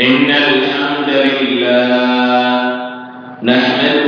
إن الحمد لله نحمده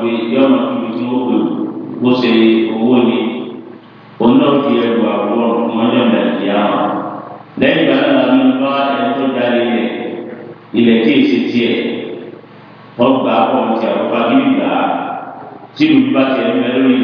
gbé yọ̀nà ibi tí wọ́n gbé bó ṣe owó ni òun náà fi ẹrù àwòrán ọmọdé ọ̀nà ìyá wọn. lẹ́yìn ìgbà náà làwọn ń bá ẹni tó darí rẹ̀ tí èsì tiẹ̀ wọ́n gbà á pọ̀ ní ti bí ìgbà tí ìlú bá tiẹ̀ ń bẹ lórí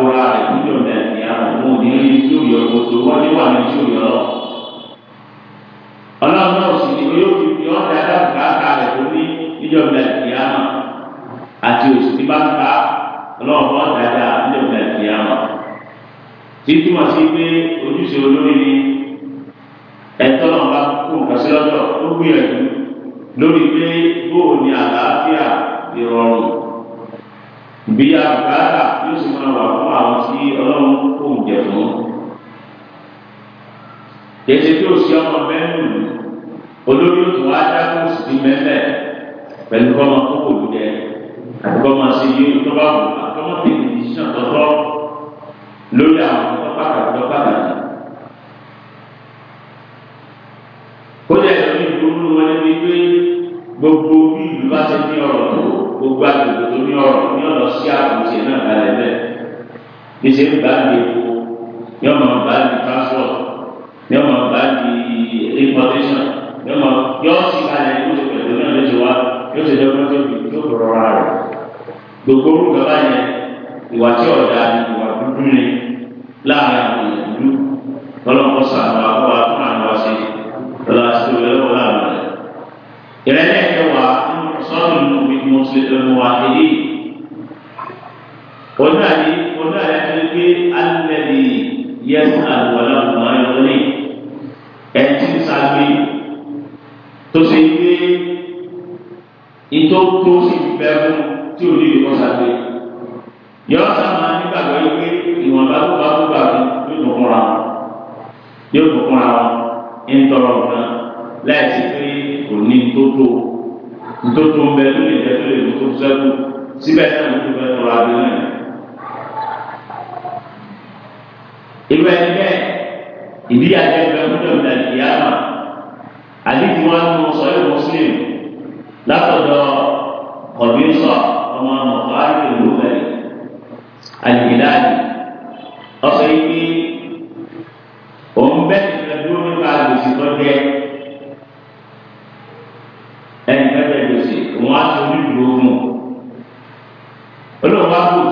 bora rẹ̀ níjọ́ náà àwọn òun tí ò yọ gbogbo wọn ní wà ní tí ò yọ. ọlọ́run náà sì ni yóò fi fi ọ́n dáadáa bùkátà rẹ̀ tó ní níjọ́ náà ní àwọn àti òsì tí bá ń ta ọlọ́run náà dáadáa níjọ́ náà ní àwọn. tí túmọ̀ sí pé ojúṣe olórí ni ẹ̀tọ́ náà bá kó nǹkan sí lọ́dọ̀ ó gbìyànjú lórí pé bóò ní àlàáfíà ìrọ̀rùn bí àbùkátà yóò sì máa wà fún àwọn tí ọlọ́run kò ń jẹ fún. Jẹ́sí tí ó ṣe ọmọ mẹ́rin olórí òtún wá dákú sí ní mẹ́fẹ̀ pẹ̀lú kọ́mọ tó kò lù jẹ àti kọ́mọ sí ní tọ́ba wò àtọ́mọ tèmi ní sísan tọ́tọ́ lórí àwọn tọ́pá àti tọ́pá àti. Kódà ìlú ìdúró wọn ni pé gbogbo bí ìlú bá ti ní ọ̀rọ̀ tó gbogbo àgbègbè tó ní ọ̀rọ̀ ní ọ̀rọ̀ sí àbùjẹ náà balẹ̀ bẹ́ẹ̀ níṣẹ́ ń bá di epo yọ máa bá di transport yọ máa bá di importation yọ máa yọ sí kalẹ̀ yóò ṣe pẹ̀lú náà lóṣù wa yóò ṣe dọ́gbọ́n tó fi tó kọ̀ rọra rẹ̀ gbogbo orúkọ báyẹn ìwà tí ọ̀dà ìwà dúdú ni láàrin àwọn èèyàn dúdú ọlọ́pọ̀ sàmà wà fún àwọn àṣẹ ọ̀là àṣìṣe òwe lọ́wọ́ láàrin rẹ̀ ìrẹ́lẹ̀ ẹ̀kẹ́ wa sọ́ọ̀nù mi ni mo ṣe ẹnu wa dé.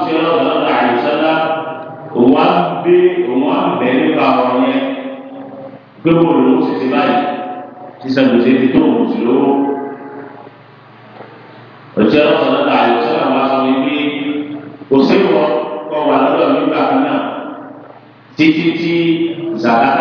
òṣìṣẹ́ ọlọ́run àyùsọ́lá òun á gbé òun á bẹ̀ nípa ọ̀rọ̀ yẹn gbé bò lòun sì ti báyìí sísan gbèsè ti tó òun sì lówó. òṣìṣẹ́ ọlọ́run àyùsọ́lá wa sọ wípé òṣèwọ̀ kọ́ wà lọ́dọ̀ nígbà kan náà títí tí zàkàtà.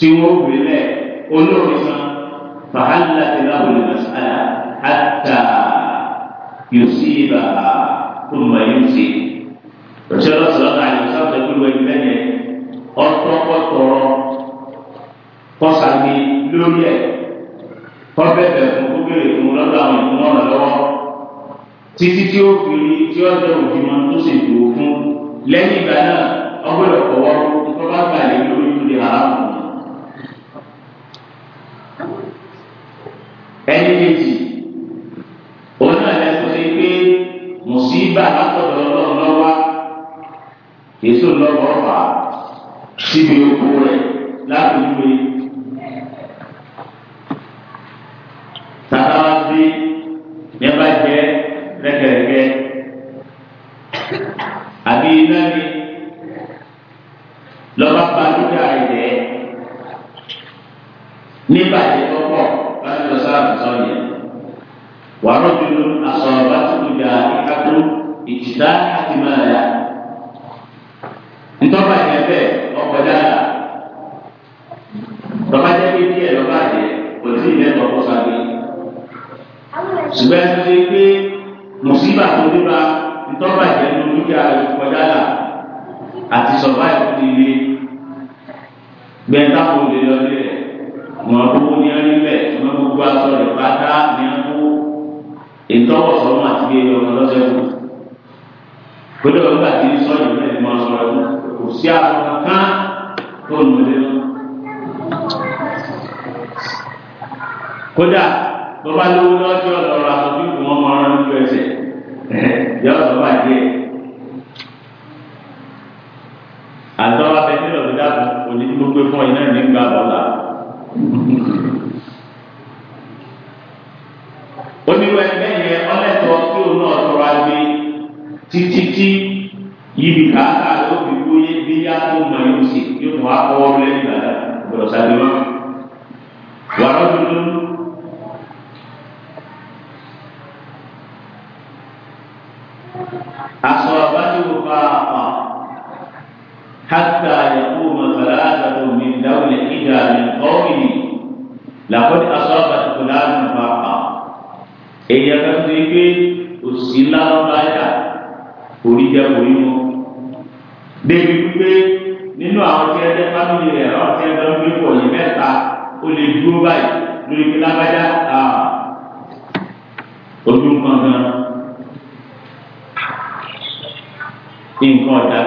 tí wọ́n wù lẹ̀ olórí san fàhálà ti láwùn lè masala hàtà yusiba thumma yusi. Òṣèlú sọ̀rọ̀ àyè sáfẹ́ kúrò ẹni lẹ́yìn ọ̀tọ̀kọ̀tọ̀rọ̀ kọ́sàmì lórí ẹ̀ kọ́bẹ̀bẹ̀ fún kóbèrè fún lọ́dọ̀ àwọn ìfún ọ̀rọ̀ lọ́wọ́ títí tí ó fi rí tí ó dẹ̀ òjì máa tó sì dùn fún lẹ́yìn ìgbà náà ọgbọ́dọ̀ kọ̀wọ́ nípa ẹni méjì òun náà lẹ́kọ̀ọ́ sí pé mùsíbà látọ̀dọ̀ ọlọ́run lọ́wọ́ èso lọ́wọ́ ọ̀fà síbi oko rẹ̀ ládùúgbò tàbá wá sí ní ẹ bá jẹ́ làkọ́dé asọ́rọ̀ àtìkù láàrin ìfà pa èyí ẹ̀ka tó yẹ pé òsì ńlá lọ́ba yà orí jẹ́ orí mu débi wípé nínú àwọn tí ẹ jẹ́ fámìlì rẹ̀ ọ̀ tí ẹ bá ń gbé pọ̀ yìí mẹ́ta ó lè dúró báyìí lórí pé lágbájá ojú kankan nǹkan ọ̀dà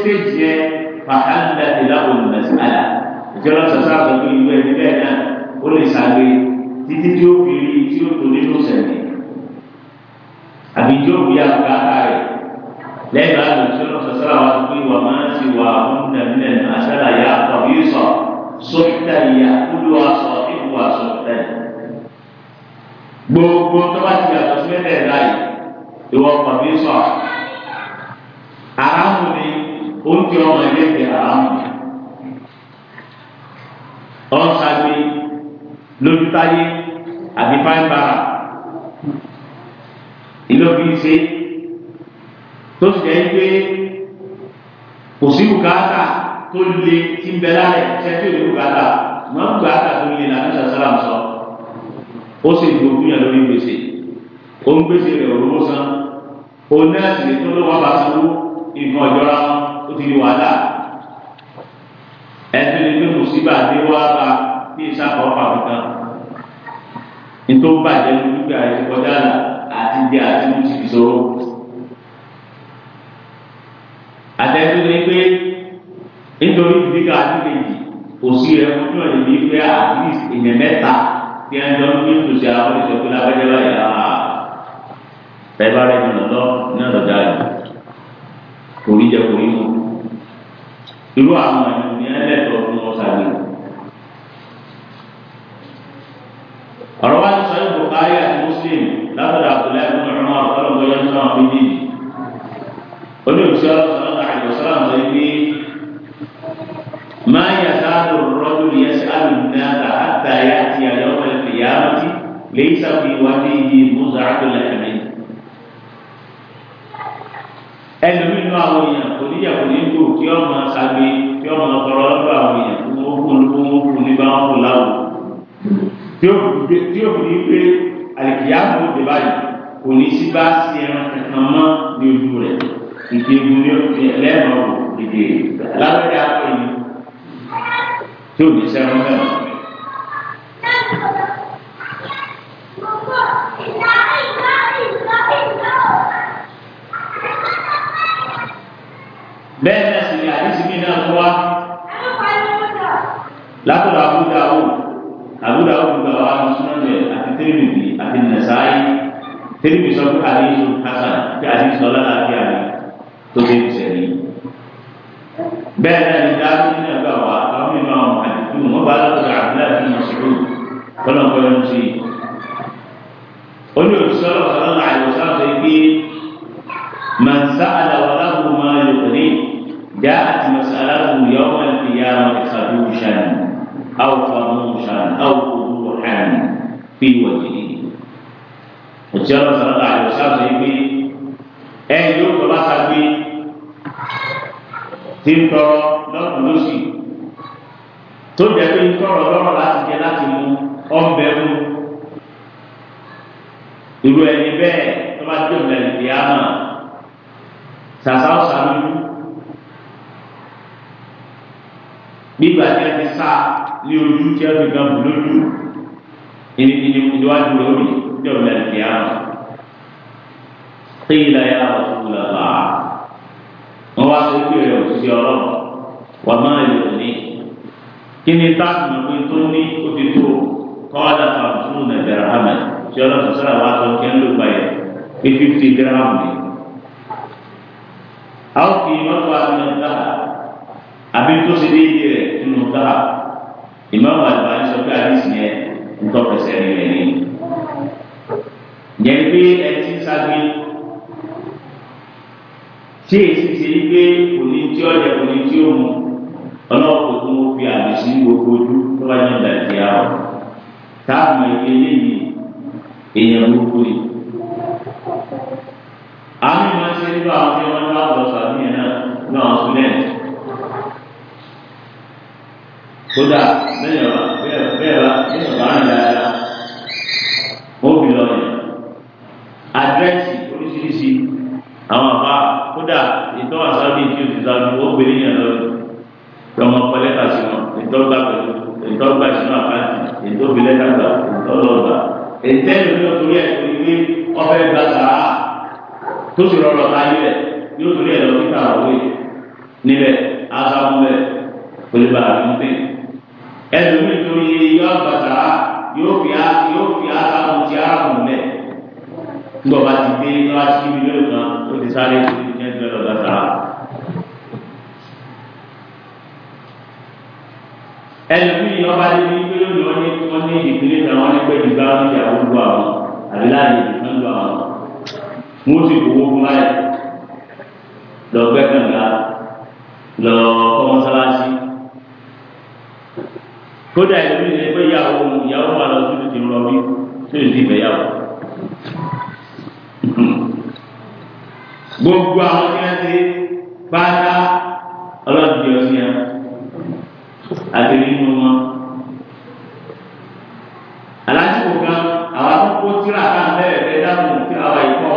sí nǹkan fàkàndà ìlàwọ̀ mẹ́sàlá ìjọba sọ̀tà àgbẹ̀kọ ìlú ẹni bẹ́ẹ̀ náà ó lè sàgbé títí tí ó fi rí tí ó tó nínú sẹ̀lẹ̀ àbí tí ó fi àgbà rẹ̀ lẹ́yìn àgbẹ̀ ìjọba sọ̀tà àwọn àgbẹ̀ ìwà máa ń ti wà ọ̀hún nàbílẹ̀ àṣàlà yà àtọ̀ yìí sọ sọ̀tà ìyà kúlù àṣọ ìwù àṣọ tẹ̀. gbogbo tó bá ti yàtọ̀ sí mẹ́tẹ̀ẹ̀dá yìí ìwọ kọ̀ ó ń jẹ ọmọ ẹlẹ́gbẹ̀ẹ́ àrùn ọ̀nságbé lójútáyé àti fáìbára ìlọ́bí ṣe tó sì jẹ́ pé kò sí bùkátà tó le ti ń bẹ lálẹ́ ṣẹ́tí òní bùkátà mọ́ bùkátà tó le lànà sàṣàlám sọ ó sì gbogbo yẹn lórí gbèsè ó ń gbèsè rẹ̀ òróró san òun náà sì lè tó lọ́wọ́ bá sanwó ìmọ̀ ìjọra wọn ó ti di wàhálà ẹsẹ̀ lè gbé mùsíbà ní wá bá kí ìsàkọ̀ ọ̀pá kankan nítorí ó bàjẹ́ ní dúkìá yìí kọjá àti jẹ àti mú ti ìṣòro. àtẹ̀sí ni pé nítorí ìdíkà àti kejì òsì rẹ̀ fún ìjọ yìí ní pé at least ìyẹn mẹ́ta tí a ń jọ ní tòsí àwọn ìṣòkè lábẹ́jẹ́ báyìí àá ah, bẹ́ẹ̀ bá rẹ̀ nínú lọ ní ọ̀dọ̀ dáa kò rí jẹ kò rí mu irú àwọn ènìyàn ẹlẹ́tọ̀ọ́ fún wọn sáré. ọ̀rọ̀ wa ti sọ yóò Bukhari àti Muslim látọ̀dọ̀ Abdullahi bin Umar ọlọ́gbọ́ yẹn tó àwọn méjì. olùsọ ọlọ́dà àjọsọ́lá ń sọ pé máa yà sáàdù rọ́dù yẹn sí àlùmíà àtàyà àti àyọ̀wọ̀ ẹ̀fẹ̀ yàrá ti lè sàbí wá ibi mọ́sàákùlẹ̀ nínú àwọn èèyàn kò níyàwó nígbò kí ọmọ ṣàgbé kí ọmọ ọkọrọ lọ́dọ̀ àwọn èèyàn kó wọ́n kó lóko wọ́n kó níbà wọ́n kó láwò. tí ó fi ní pé àlìkìyà kò dé báyìí kò ní sí bá sí ẹran kankan mọ́ ní ojú rẹ̀ ìdè ìgbìmọ̀ lẹ́ẹ̀mọ̀ ìdè alágbèdè àpẹẹrẹ tí ò ní sẹ́wọ́n mẹ́rin. náà tó wá. látọ̀dọ̀ àbúdá ò àbúdá ò gbogbo àwọn amúsùnmọ́jẹ àti tẹ́lifì àti nàṣáyé tẹ́lifì sọ pé àdéhùn hasan pé àdéhùn sọ lọ́la àti àdé tó dé ìṣẹ̀ ní. bẹ́ẹ̀ náà ni dáhùn ní ẹgbẹ́ wa àwọn mímọ́ àdìkú wọn bá lọ́dọ̀ àbúlá àti mọ̀ṣúrù kọ́lọ́kọ́ ló ń ṣe. ó ní òṣìṣẹ́ ọlọ́run bí wọ̀nyí òtí ọ̀rọ̀ sọ̀rọ̀ la yóò sáfẹ́ gbé ẹ yóò bọ̀ bá ságbé tí ń tọrọ lọ́dún lóṣì tó jẹ́ pé ń tọrọ lọ́rọ̀ láti jẹ láti mú ọ̀bẹ mú irú ẹni bẹ́ẹ̀ tó bá tó ìlẹ̀ ìdí àmà sàṣà ọ̀sà gbígbà tí ti sá ní ojú tí a lójú. يجب دعاء الوبي دولة القيامة قيل يا رسول الله مواقف يا رب وما يغني كني تعلم من دوني أبيتو قال خمسون درهما شرف سنوات كان له بيع في 50 درهم أو قيمة من الذهب أبيتو سيدي إنه ذهب إمام الباني سبحانه ntọ́pẹsẹ̀ rẹ̀ ní. Jẹ́ pé ẹ ti sábẹ́ ṣé èsì ṣe ní pé kò ní tí ó jẹ kò ní tí ó mu ọlọ́pàá tó ń fi àmì sí gbogbo ojú tó bá ní ìdàgbé àwọ̀ táàmù ẹgbẹ́ léyìí èèyàn gbogbo yìí. Àwọn ìmọ̀ ṣe nípa àwọn tí wọ́n bá lọ sàmìyàn náà náà sílẹ̀. Kódà lẹ́yìn ọ̀la bẹ́ẹ̀ wá ní sọ̀rọ̀ àrùn dáadáa ó bì lọ yẹn àdírẹ́sì oríṣiríṣi àwọn àbá kódà ìtọ́ àsábì tí o ti sáájú ó gbé níyàn lọ pé ọmọ ọkọ lẹ́tà sí wọn ìtọ́gbà pẹ̀lú ìtọ́gbà sínú àkáǹtì ìtọ́bi lẹ́tà gbà ìtọ́lọ́gbà ìtẹ́lẹ̀ ní oṣù yẹn ti ní ọbẹ̀ gbà sàá tó sì rọrọ̀ ayé rẹ̀ yóò torí ẹ̀ lọ sí kàwé níbẹ̀ asáwọn bẹ̀ pẹ̀lú bàbá yọ bàtà yóò fi á yóò fi á sáwọn tí á mú lẹ̀ ńgbọ̀ bá ti dé lọ́wọ́ sí mílíọ̀nù kan ó ti sáré tó ti jẹ́ ìgbẹ́lọ̀ bàtà. ẹlòmíì ọba níbi ìgbélónì wọn ní wọn ní ìpínlẹ̀ náà wọn ní pé ìgbà wọn ní ìyàwó lu àwọn àbí ìgbà lu àwọn wọn sì kó owó fún láyè lọ gbẹ́kànlá lọ ọ. kódà ẹlòmíì lè gbé ìyàwó ìyàwó wà lọ síbi tí ń lọ rí sí èsì ìgbéyàwó. gbogbo àwọn tí wọn ti pátá ọlọ́dún yọ sí ẹ àti nínú wọn. aláṣẹ kan àwọn akókó tíra kan bẹ́ẹ̀ bẹ́ẹ̀ dáhùn tí àwọn ìkọ́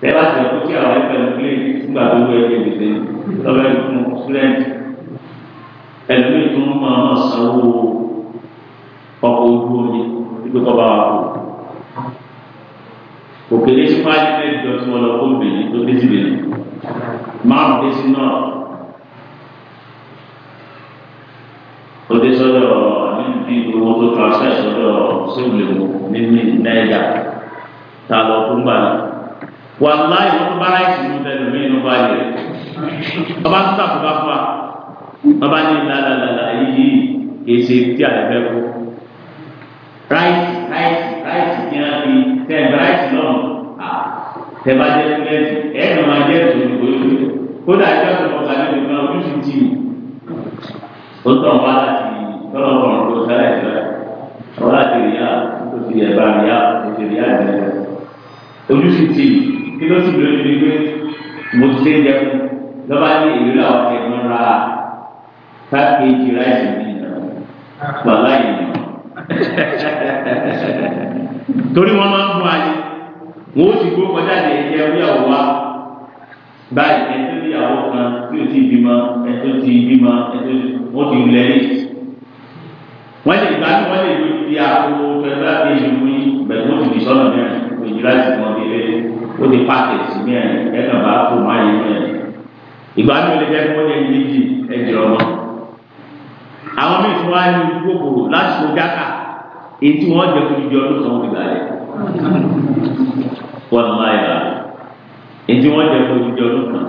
bẹ́ẹ̀ bá tẹ̀ kó tí àwọn ìfẹ́ ló kílè nígbà tó wọ ẹgbẹ́ ìgbésẹ̀ lọ́wọ́ ẹ̀kú sílẹ̀ǹtì ẹlòmíì tó ń máa máa sanwó ọkọ̀ ojú omi wípé kọ́ bá wà kú. òkèlè tí wọ́n á yẹ mẹ́jọ tí wọ́n lọ kó bèèrè tó dé síbẹ̀ nù. márùn dé sí náà ó dé sọ́dọ̀ nínú owó tó transfer sọ́dọ̀ sóòlù nínú náírà tá a lọ fún gbàgbé. wàláì wọn bá láìsí ní bẹ́ẹ̀ lómi inú báyìí. ọba tó tàkùn bá fún wa bàbá ní làlàlàlà yìí kìí ṣe tí a lè fẹ́ kú ráìtì ráìtì ráìtì kí á fi tẹ̀ ráìtì náà à tẹ̀bá jẹ́ fúlẹ́tì ẹ̀ẹ́dùn máa jẹ́ ìṣòro ìgbòho kódà ìjọ tó lọ́ọ́ sáré nìkan ojúṣe tì í ó tọ̀ wá láti tọ́lọ̀ ọ̀rọ̀ tó sáré ìṣòro ọ̀rọ̀ láti rí yá tó ti yẹ̀ bá rí yá tó ti rí tì í kí ló sì lóyún ní mo ti ṣe jẹun lọ́ba ní ìlú làwọn ti ra pákéjì ráìsì mi wàhálà yìí torí wọn máa ń fún ayé wọn ó sì gbó kọjá lè jẹ oníyàwó wa báyìí ẹjọ́ níyàwó kan tí o ti bímọ ẹjọ́ ti bímọ ẹjọ́ wọn ti lẹ ní. wọn lè gbá wọn lè lórí bí àpò pẹ̀lú àpèjì mú yín bẹ́ẹ̀ wọn ti di sọnà mẹ́rin òjì láti mọ bíbẹ ó ti pàkẹ́tì mẹ́rin ẹgbẹ́ bá kó máa yẹ mẹ́rin ìgbà mi ò lè jẹ àwọn míì fún wa ní kòkòrò láti fún jáka èyí tí wọ́n jẹ fún ìjọ ọdún kan ó ti bàjẹ́ wọ́n máa yà èyí tí wọ́n jẹ fún ìjọ ọdún kan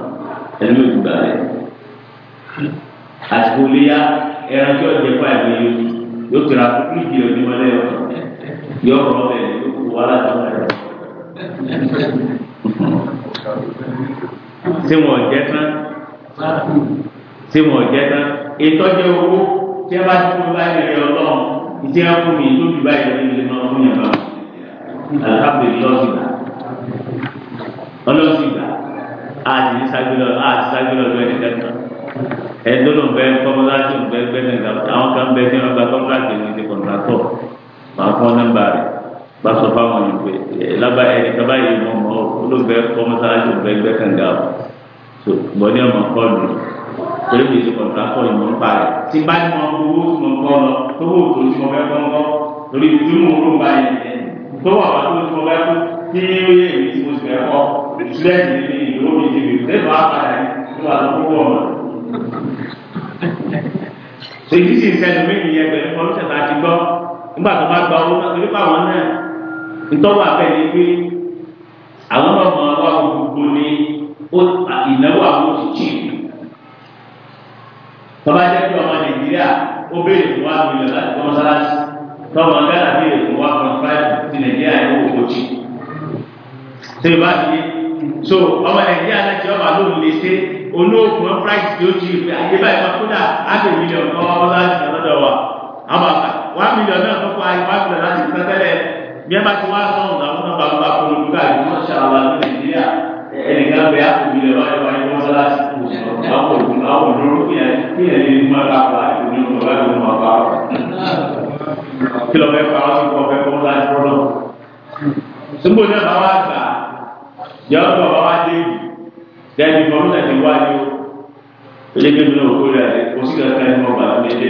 ẹni ó ti bàjẹ́ àsìkò léyà ẹran tí ọjọ́ fún àìpé yóò yóò tẹ̀ra fún ọdún wọlé ọ̀kan yóò rọ ọbẹ̀ yóò kó wàhálà tó wà lọ. ṣé wọn jẹ tán ṣé wọn jẹ tán ìtọ́jú owó tí a bá ti fún báyìí rẹ̀ ọlọ́run ìdí ẹ̀ fún mi tó ju báyìí rẹ̀ nílé náà fún yàrá alhamdulilayi ọlọ́sìn gbà àti ságbélé àti ságbélé ọdún ẹni kẹta ẹdọlọ bẹ kọmọláṣí bẹ gbẹdẹ gà àwọn kan bẹ fẹràn gba kọmọláṣí ní ti kọmọláṣọ máa fọ nọ́mbà rẹ bá sọ fáwọn yìí pé lábà ẹni kaba yìí mọ mọ olóògbé kọmọláṣí bẹ gbẹdẹ gà so bọ ní ọmọ kọlù torí mi ti kọ̀ọ̀tà kọ́ ìmọ̀ ń parẹ́ tí bá ní wọn kó owó tí mo kọ́ lọ tó wò tó tí mo fẹ́ kọ́ ńkọ́ torí tí mo rò bá yẹn tó wà wá tó tí mo fẹ́ kú tí ó yẹ èmi tí mo sì fẹ́ kọ́ lẹ́yìn ní ìdúró mi ti bìrì lẹ́nu àpàrà yẹn tó wà lọ́wọ́ wọ̀ ọ́. èyí sì ń sẹ́nu mí nìyẹn pẹ̀lú kọ́ńtà láti gbọ́ nígbà tó bá gba owó torí báwọn náà tọ́ba jẹ́ kí ọmọ nàìjíríà ó béèrè fún wa mílíọ̀nù láti kọ́ mọ́sálásí tọ́ba gánà béèrè fún wa fún fáìlì ti nàìjíríà yẹn wò ó jì. ṣé ìbá ti so ọmọ nàìjíríà láti ọmọ àlóhùn lè ṣe olóògùn wọn price tí ó jì pé àyè báyìí wọn kódà á bè mílíọ̀nù kọ́ mọ́sálásí lọ́dọ̀ wa àwọn wa mílíọ̀nù náà kọ́kọ́ ayé wa mílíọ̀nù láti fẹ́ tẹ́lẹ̀ bí ẹ bá ti wá sọ̀rọ̀ àwọn náà bá kí ẹ̀ lè máa ta àbá ìdùnnú ọ̀la ìlú máa bá rọ̀. kí lọ fẹ́ pa ọ́sùn kọ́ fẹ́ kọ́ ọ́la ìfọ́ náà. Sọ́gbó náà bá wá gbà yọ ọ́ bá wá dé yìí. Dẹ́ni kan náà ti wá yó. Eléke mi náà kó rẹ̀ kó sì kẹ́kẹ́ ní ọgbà mi lé.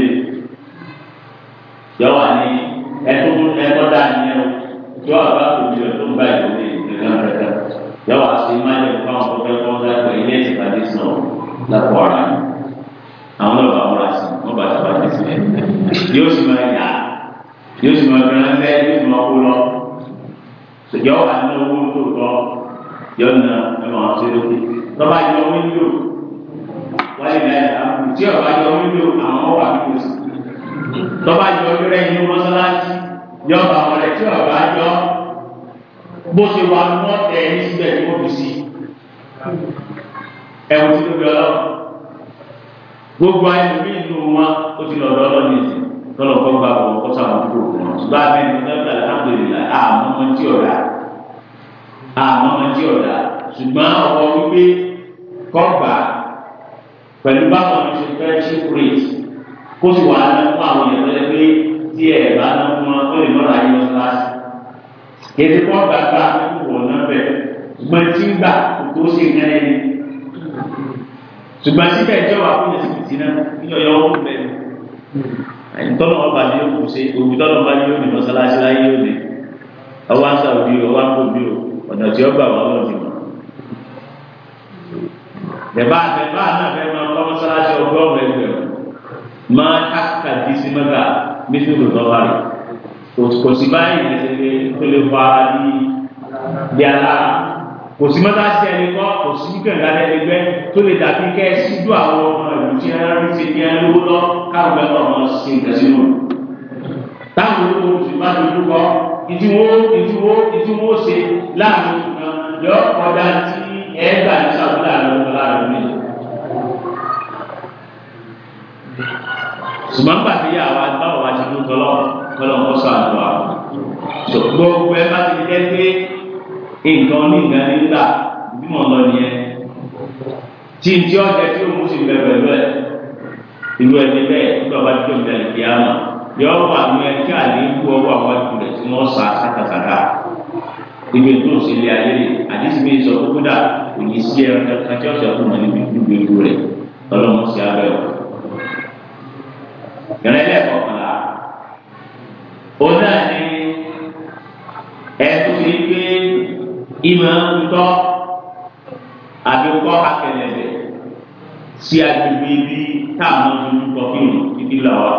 Yọ wà ní ẹtọ́ ẹtọ́ dá ní ẹ̀ tó àbá kò ní ọ̀tọ́ ń bá ìlú ní ìgbìmọ̀ rẹ̀ yọ wà sí máyọ̀ fáwọn tó fẹ́ kọ́ ọ́la ìgbà ilé ìsìnkà àwọn náà bá múra sí wọn bá tàbá jẹ sílẹ̀ yóò sì máa yà yóò sì máa gbẹrẹ ńlẹ yóò sì máa kó lọ yọ wà ní owó tó kọ yọ nà ẹ máa ṣe lókè lọba yọ wíńdò wáyé náà yà tí ọba yọ wíńdò àwọn wà ní kòsì lọba yọ rẹ ní mọ́sálásí yọ bàbá rẹ tí ọba yọ bó ṣe wà ní wọn tẹ ẹ ní síbẹ̀ ní wọn sí ẹ wò sí lóbi Ọlọ́run gbogbo ayé mi ìlú wọn ó ti lọ́dọ̀ ọlọ́ni ìsìn tọ́lọ̀ kọ́ gba bọ̀ kọ́ sáwọn kúrò fún wọn ṣùgbọ́n abẹ́ ní ọ̀dọ́ alhamdulilayi àmọ́ ọmọ tí ọ̀dà àmọ́ ọmọ tí ọ̀dà ṣùgbọ́n ọkọ̀ wípé kọ́gbà pẹ̀lú báwọn ṣe fẹ́ ṣe kúrèt kó sì wàá ná fún àwọn èèyàn lẹ́yìn pé tí ẹ̀ bá ná fún wọn ó lè mọ́ra ayé wọn láti. ètò kọ́gbà gba wọ̀ náà bẹ̀ ṣùgbọ́n tí ń gbà kó sì ń ṣùgbọ́n síbẹ̀ ẹjọ́ wà fún ẹ̀sìnkìtì náà ní ọ̀yọ́ owó bẹ̀rẹ̀ ẹ̀ńtọ́nà ọba ni yóò kù sí òbí tọ́nà ọba ni yóò ní mọ́sálásí láyé yóò ní ọwọ́ àṣà òbí o ọwọ́ àpò òbí o ọ̀nà tí ó gbà wà wọ́n ti mọ̀. bẹ̀bá bẹ̀bá náà fẹ́ máa kọ́ mọ́sálásí ọgọ́rùn-ún ẹgbẹ̀ máa káàkà di sí mẹ́ta méjì lọ́wọ́ rẹ̀ kò sí báyìí ní kò sí mọ́tàsí ẹni kọ́ kò sí kẹ̀kẹ́ ẹlẹgbẹ́ tó lè dàbí kẹ́ ẹ sí dùn àwọn ọmọ ìlú tí ẹ rí ṣe ní ẹni owó lọ káwọn ẹ lọ́ọ́ máa ṣe nǹkan sínú. táwọn olówó ti bá ti dúkọ ìdíwó ìdíwó ìdíwó ṣe láàrin nǹkan yọ ọ̀dà tí ẹ gbà ní sábúlà lọ́wọ́ láàrin mi. ṣùgbọ́n pàtó yà wá báwo wá ti dúkọ lọ́wọ́ kọ́lọ́ nǹkan onígbà nígbà ìbímọ lọ nìyẹn tí n tí ọ jẹ tí o mú sí bẹ pẹ̀lú ẹ ìlú ẹni bẹ́ẹ̀ nígbà bá tó ń bẹ̀rẹ̀ kí á mọ yọ wà ní ẹ kí àlékún ọwọ́ àwọn ìjùlẹ tí wọn sà sàkàsàkà ibi tó sì lé ayé rè àdísí mi sọ kókó dà kò ní sí ẹ kàtí ọ̀sẹ̀ fún mi níbi níbi ìlú rẹ ọlọ́run sì abẹ ọ. ìrìn lẹ́kọ̀ọ́kànlá òun náà ni ẹ tó ti ìmọ̀ ńtọ́ àdókọ́ akẹlẹ̀lẹ̀ sí agbègbè ibi táwọn ojú kọ kí n ibi là wà.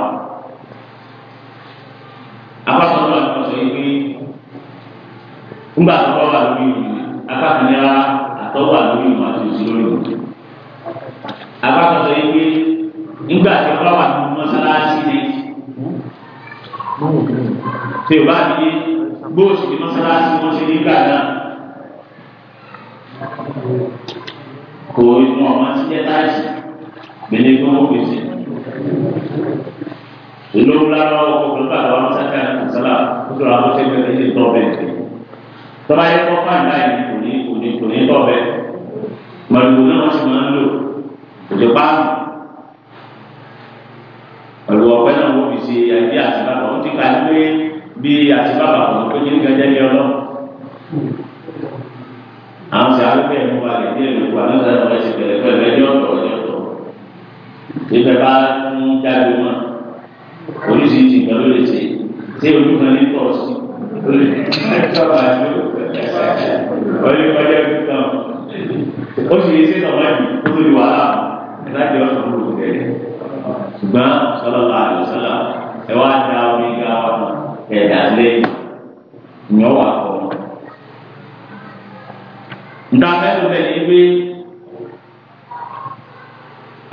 Abáṣọ náà ti sọ pé ńgbà tó wà lórí ìlú akáfíńyà àtọ́wà lórí ìlú àti òsì lórí ìlú. Abáṣọ sọ pé ńgbà tí wọ́n wà nínú mọ́sálásí ni tí o bá di gbóòsì ní mọ́sálásí wọ́n ṣe nígbà náà kò inú ọmọ ti jẹ táàsì gbélé gbọ́n ó pèsè olówó lárọ́ ọkọ̀ pàtó àwọn sákà sálà kótó àwọn tó ṣẹlẹ̀ ní ìtọ́ bẹ́ẹ̀ tọ́lá yẹ kọ́ fáìn báyìí kò ní kò ní kò ní tọ́ bẹ́ẹ̀ màlúù náà wọ́n sì máa ń lò òjò páàmù pẹ̀lú ọ̀pẹ náà wọ́n fi ṣe ẹbí àtibábà wọ́n ti kà ní pé bí àtibábà kò pé ní gẹ́gẹ́ ní àwọn sì arúgbó ẹ̀ mú wa lè dé ìlú wa nígbà tí wọ́n ti bẹ̀rẹ̀ pẹ̀lú ẹjọ́ ọ̀tọ̀ ẹjọ́ ọ̀tọ̀ ìfẹ́ bá ń jáde mọ́ oríṣiríṣi nǹkan ló lè ṣe ṣé ojú kan ní pọ̀ sí ó lè sábà ní ọdún kọjá ìtàn ó sì yé sínú ọmọ yìí ó lè wàhálà láti ọ̀sán ló lè tẹ̀lé ṣùgbọ́n sọlọ́lá àdùsọ́lá ẹ wá da omi ga ọ̀nà ẹ̀dá lẹ́yìn ìyọ́wà kọ́ ntàfẹ́ tó bẹ̀rẹ̀ ní pé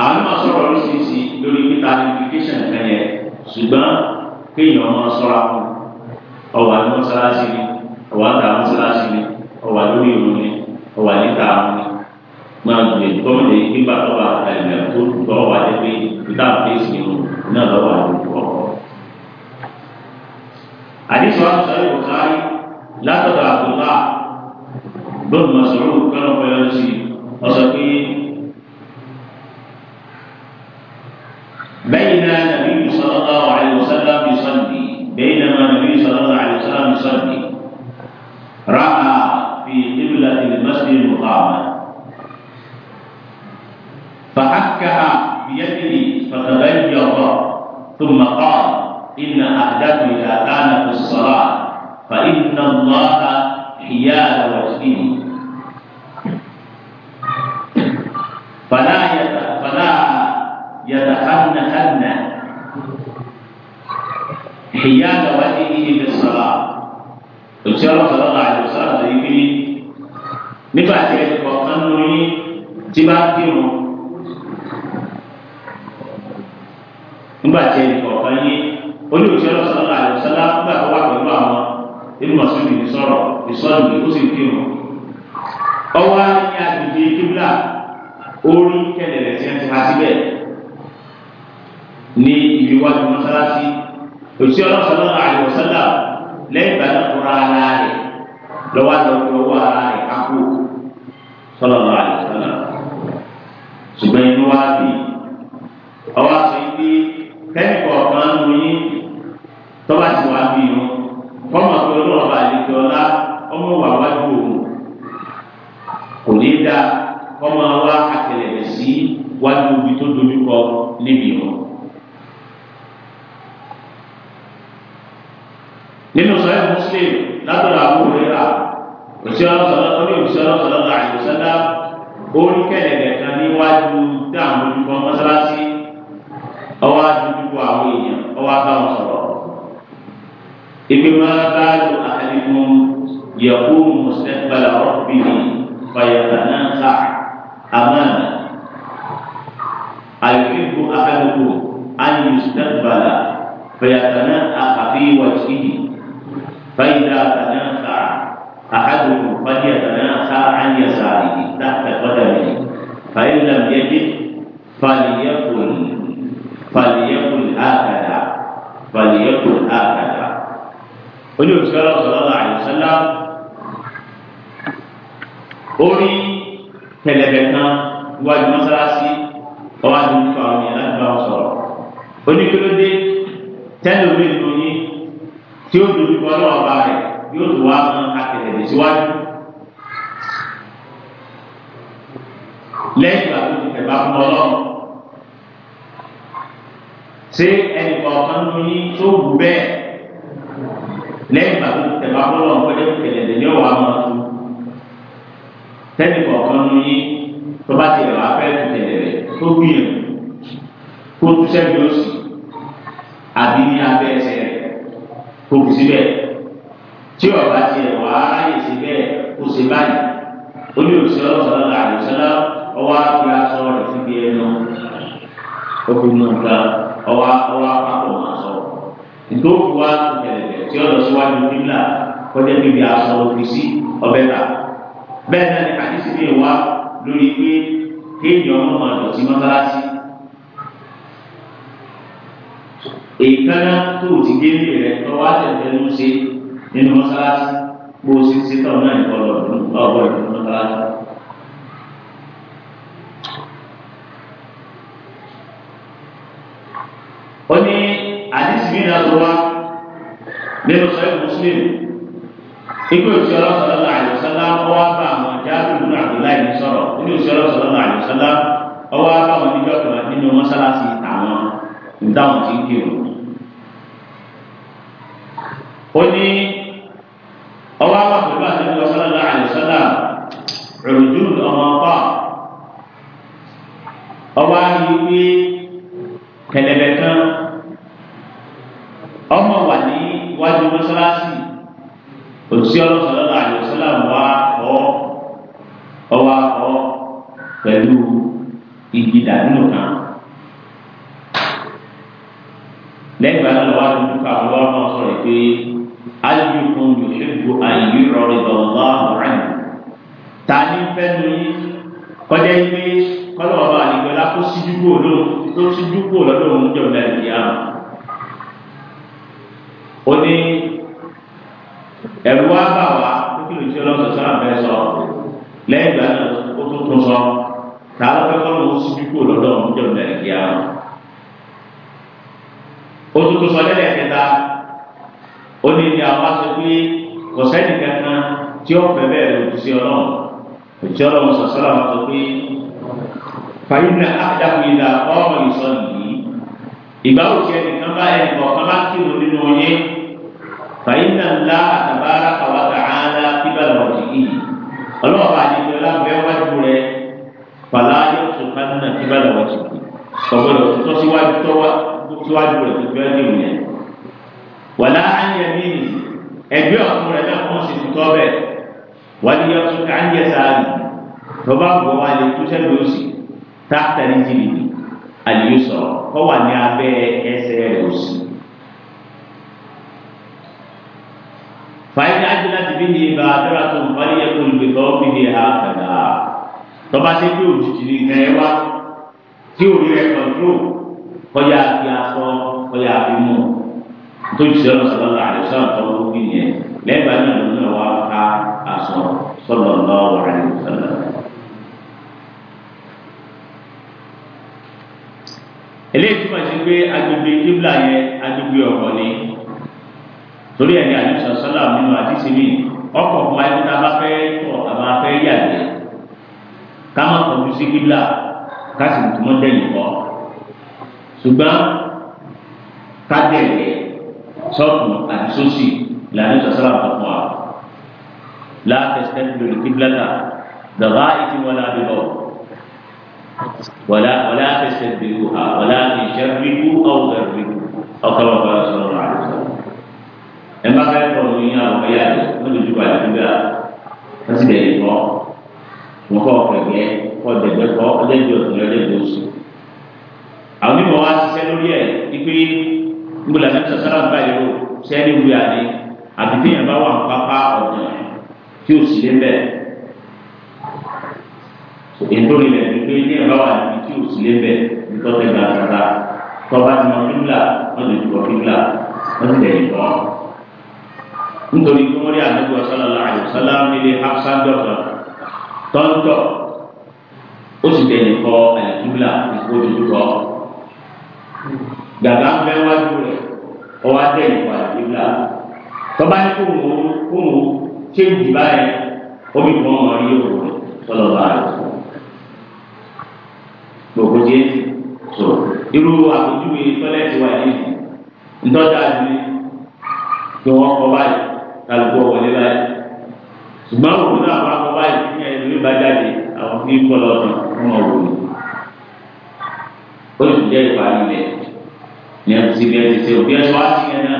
àwọn máa sọ̀rọ̀ lóṣìṣì lórí mítà application kan yẹn ṣùgbọ́n kéèyàn máa sọ̀rọ̀ àwọn ọ̀wà ní mọ́ṣáláṣí ni ọ̀wà ní àwọn mọ́ṣáláṣí ni ọ̀wà lórí ìlú ni ọ̀wà níta àwọn ni máa gbé tọ́lé nígbà tó wà ẹ̀mẹ̀ tó tọ́ wà lẹ́gbẹ́ mítà application ni náà lọ́wọ́ àlùkò ọkọ̀. àdìsọ́ àtúnṣe ìwòsàn látọ̀dọ̀ àbúrò bọ́ọ̀lù masoro kánú pẹ̀lú sí ọ̀sọ̀ pé bẹ́yìn náà nàbí ìsọ̀lọ́lá àlùsọ́lá bí sọ́ndì bẹ́yìn náà nàbí ìsọ̀lọ́lá àlùsọ́lá bí sọ́ndì ráà fi ìdíbìlà ìdìmọ́sí mùkàmà. فحكها بيده فتغير ثم iwájú mọ́sálásí ọwọ́ àti nípa àwọn èèyàn láti bá wọn sọ̀rọ̀ oníkélódé tẹ́lẹ̀ omi ìlú yín tí ó dojú kọ lọ́wọ́ bá rẹ̀ yóò tó wá mọ akẹ̀lẹ̀dẹ̀ síwájú lẹ́yìn ìgbà tó ti tẹ̀gbá fún ọlọ́run ṣé ẹnì kọ̀ọ̀kan ló yín tó wù bẹ́ẹ̀ lẹ́yìn ìgbà tó ti tẹ̀gbá fún ọlọ́run pẹ́lẹ́ kẹ̀lẹ̀dẹ̀ yóò wá mọ́ tẹ́lẹ̀ kọ̀ọ̀kan ló yín tọ́ba ti rẹ̀ wá fẹ́ẹ́ tún tẹ̀lé rẹ̀ tó gbìyànjú kó tún sẹ́gun ó sì àbí ní abẹ́ ẹsẹ̀ rẹ̀ kó kù síbẹ̀ tí ọba ti rẹ̀ wá ráyè síbẹ̀ kó ṣe báyìí ó ní òṣèlú ọ̀sán àdùsọ́lá ọwọ́ àti aṣọ rẹ̀ síbi ẹnu òfin nǹkan ọwọ́ ọwọ́ àpapọ̀ máa sọ ìdókòwò wa tẹ̀lẹ̀ tí ọ̀dọ̀ síwájú nílà kọjá bíbi aṣọ òfin sí ọbẹ̀ náà bẹ́ẹ̀ náà ni àdìsí mi wá lórí pé kéèyàn ọmọ àdọ̀tí mọ́sálásí. èékánná tó ti dé ní rẹ̀ lọ́wọ́ àtẹ̀tẹ̀nu ṣe nínú mọ́sálásí kó o sì ń ṣe tọ̀hún náà nìkan lọ lọ́wọ́ ìlú mọ́sálásí. ó ní àdìsí mi náà tó wá nínú sọ́yìn mùsùlùmí ikú ìṣọ́lá sọ̀rọ̀ àìsàn láwọn wá bá àwọn jáde ìlú àbúláì ní sọ̀rọ̀ nínú ìṣòro sọ̀rọ̀ náà àyọ̀sọ́lá ọwọ́ àbáwọn níjọ́ kan nínú mọ́sálásí àwọn ìdáhùn tí ń kírun. ó ní ọwọ́ àwọn pẹ̀lú àtẹ́wọ́ sọ̀rọ̀ náà àyọ̀sọ́lá rẹ̀rùjú ọmọ ọkọ̀ ọwọ́ àyè wí kẹlẹ̀bẹ̀ kan ọmọ wà ní wájú mọ́sálásí òṣìṣẹ́ ọlọ́sọ̀rọ̀ náà àyọ̀sọ́lá wà á ọwọ́ akọ pẹ̀lú igi dàdúrò kan lẹ́gbàá náà wà ní dúkà lọ́wọ́ náà sọ̀rọ̀ pé ayélujáfún yóò ṣègbò àyè rọrùn lọ́wọ́ àwòrán ta ní fẹ́ lóyún kọjá ilé kọ́lọ́ ọba àdìgbọ́lá kó síjú kúrò lóhùn tó síjú kúrò lọ́dọ̀ òun jọ̀ náà ìyá ó ní ẹ̀rù wa bá wa kí ló ń ṣe lọ́sọ̀ọ́sọ́ àbẹ́sọ̀ọ́ lẹ́yìn ìgbà náà ó tún tún sọ tààrà pẹ́kọ́ ló ń síbi kúrò lọ́dọ̀ ọ̀hún jẹ́ ọ̀dà ìkíyà ó tún tún sọ lẹ́yìn ìkẹta ó ní ní àwọn aṣọ pé kò sẹ́ni kankan tí ó fẹ́ bẹ́ẹ̀ ló ti ṣe ọlọ́run òjì ọlọ́run sọ̀sọ́lá wọn sọ pé fàyínà àdàkùn ìlà ọ̀rọ̀ ìsọ̀nì yìí ìgbà òkè ẹnìkan bá ẹnìkan bá kírun nínú yín fàyínà ńlá àtàbára kàwá kàá bíbá lọ́ọ̀dì ọlọ́ọ̀bá àdìgbò lábẹ́ wájú rẹ fàlà yóò tó ká nínú àtibálà wá sí kí ọ̀gbọ́dọ̀ tó síwájú tó wá síwájú rẹ tó fẹ́ ní ìyẹn. wàlá ayẹmí ẹgbẹ́ ọ̀tún rẹ náà kún sí tutọ́ bẹ́ẹ̀ wàlí yóò tó ká ń yẹ sáárì tọ́ba gbọ́ wá lè tó sẹ́lẹ̀ òsì tá a tẹ̀lé jìnnì àlè yóò sọ̀rọ̀ kọ́ wà ní abẹ́ ẹsẹ̀ rẹ̀ òsì. fàyín ajílá ti bí ní ibà àdúrà tó ń parí ẹkọ olùgbé tó ń bí ní ìhà àgbàdà tọba ṣe bí òjijì ní nǹkan ẹ wá tí òrí rẹ kọjú kọjá àti aṣọ kọjá àti mú tó jù sẹ́wọ̀n sọ̀rọ̀ láàrin sọ̀rọ̀ tó ń bí yẹn lẹ́gbàá náà ló ń lọ wá sí pé agbègbè kíbla yẹn agbègbè ọ̀rọ̀ ni torí ẹni àdìsọ sọlá nínú àdìsí mi ọkọ fún ayé tá a bá fẹ́ tọ a bá fẹ́ yà jẹ ká má kọjú sí kíbla ká sì tún mọ dẹ̀yìn kọ ṣùgbọ́n ká dẹ̀yẹ sọ́ọ̀tún àti sósì làdìsọ sọlá tó fún wa látẹsẹ lórí kíbla ta dàgbà ìtì wọn lábẹ bọ wàlá wàlá tẹsẹ bẹ̀rù ha wàlá tẹsẹ bẹ̀rù ọwọ́ bẹ̀rù ọkọ wọn bá sọ̀rọ̀ àdìsọ ẹ bá fẹ́ kọ́ ní àwọn ọ̀yà rẹ̀ wọ́n lè dúpọ̀ àdúgbò wọ́n sì lè kọ́ wọn kọ́ ọ̀pẹ̀gẹ́ kọ́ dẹ̀gbẹ́ kọ́ ọ̀dẹ́gbẹ́ ọ̀tún ọ̀dẹ́gbẹ́ oṣù. àwọn onímọ̀ wa ṣiṣẹ́ lórí ẹ̀ wípé ńgbọ́dọ̀ àti sàṣàrà báyìí o sẹ́ni wúyà ni àbí yẹn bá wà pápá ọ̀nà tí ò sí lébẹ̀. ètò ilẹ̀ wípé tí yẹn bá wà níbi tí ò sí lébẹ̀ nítorí gbàgbà tọ́ba ti mọ kíbla wọ́n lè dúpọ̀ kíbla wọ́n sì lè yìnbọn nítorí pé wọ́n rí àdúgbò sálàlá àdùsálà nílé hapsadọ́tà tọ́ńtọ̀ ó sì tẹ̀lé kọ àdúgbò ìfowópamọ́ gàgà ń bẹ wájú rẹ̀ ọwọ́ àtẹ̀lé kọ àdúgbò tọ́ba ní kóhùn kóhùn kéwì báyẹn omi kan mọ̀ rí òwò sọlọ́ba àdùsálà gbogbo jẹ́ so irú àpèjúwe tọ́lẹ́tì wáyé ntọ́jà ni kí wọ́n kọ báyìí kálukú wọlé báyìí ṣùgbọ́n àwọn òkúta àwọn akọ báyìí ní ẹ̀yìn lórí bá jáde àwọn kí kọ́ lọ sàn fún ọ̀rọ̀ ni ó sì jẹ́ ìparí rẹ̀ ní ẹ̀kú sí bí ẹ ti ṣe òbí ẹ̀ sọ àti ẹ̀ náà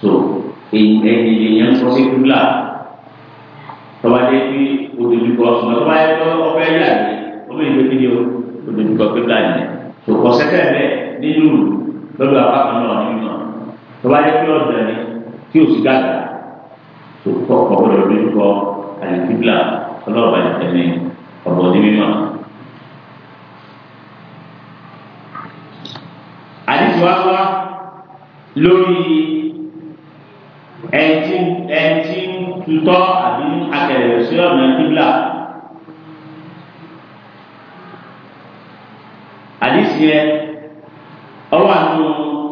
so ẹ̀yìn ẹ̀yìn èèyàn sọ sí kúlà tọ́ba dé bí odòdúkọ ṣùgbọ́n tọ́ba yẹ kọ́ ọ̀fẹ́ yà ní ọmọ ìlú kí ni odòdúkọ kúlà ní so kọ́ sẹ́kẹ̀ bẹ́ẹ̀ nínú lọ́dọ̀ àpapọ̀ náà nínú tọ́ba yẹ kí ọ̀dọ̀ ni kí òsì gàdá tó kọ́ ọ̀gbọ́dọ̀ lójú kọ àlìkíbla ọlọ́ọ̀bà ìtẹ̀mí ọ̀bọ̀ ní mímọ́. àdìsí wa wá lórí ẹtí ẹtí tutọ́ àbí akẹ̀rẹ̀ sí ọ̀nà kíbla. àdìsí yẹ ọwọ́ àti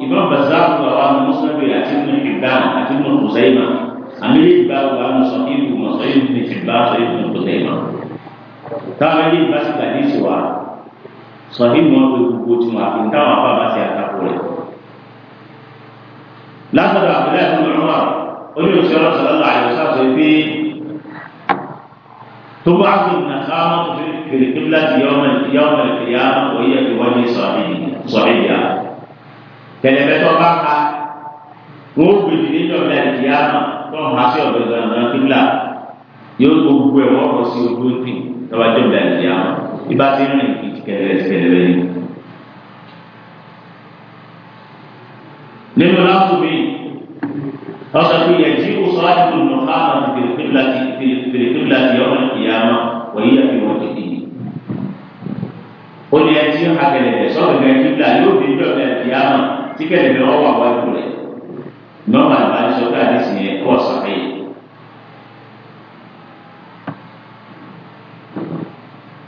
ìmọ̀ bàzá àwọn àwọn mùsùlùmí àti ìmọ̀ ìgbà àti ìmọ̀ kùsẹ́yìn náà àmìlẹ̀ ìgbà wà ní sọ ìlú mọ̀sọ́ ìlú ní ti bá sọ ìlú tó tẹ̀ mọ́. táwọn ilé ìgbà sì gbàdé sí wa sọ ìlú wọn pé gbogbo tí wọn àfi táwọn afọ àbá sí àtakò rẹ̀. látọ̀dọ̀ àbúlẹ̀ fún mi wọn oní òṣèlú ọ̀sọ̀lọ́lá àyọ̀sá sọ pé tó bá sọ nàkà kìlìkìlá ti yọmọ ìkìlá òye ìwọ́n ní sọ̀rọ̀ kẹlẹbẹtọ bá ka wọn ò gbèdìdì dọ̀bẹ̀ ìyá náà tọ́wọ́n há sí ọ̀dọ̀ ìgbàlódé kíbla yóò tó gbogbo ẹ̀ wọ́n kọ sí ojú òkè tọ́wọ́ ajọ́ ìgbà ìdí àwọn ibà ti rìn ìtìkẹ̀lẹ̀ ìtìkẹ̀lẹ̀ yìí. nínú láti mi ọ̀sẹ̀ tó yẹ tí o sọ láti tó nù ká àwọn fèrèkébìlà ti fèrèkébìlà ti ọmọ ìyá wọn wọ̀nyí àti wọn ti dì í. ó ní ẹ tí akẹlẹ̀ sọ́kẹ̀kẹ̀ kíbla yóò dé ìjọba ìyá tí kẹlẹ̀ bẹ̀ nọ́ọ̀mà ìbáni sọ pé àdìsí yẹn kọ́ sàré.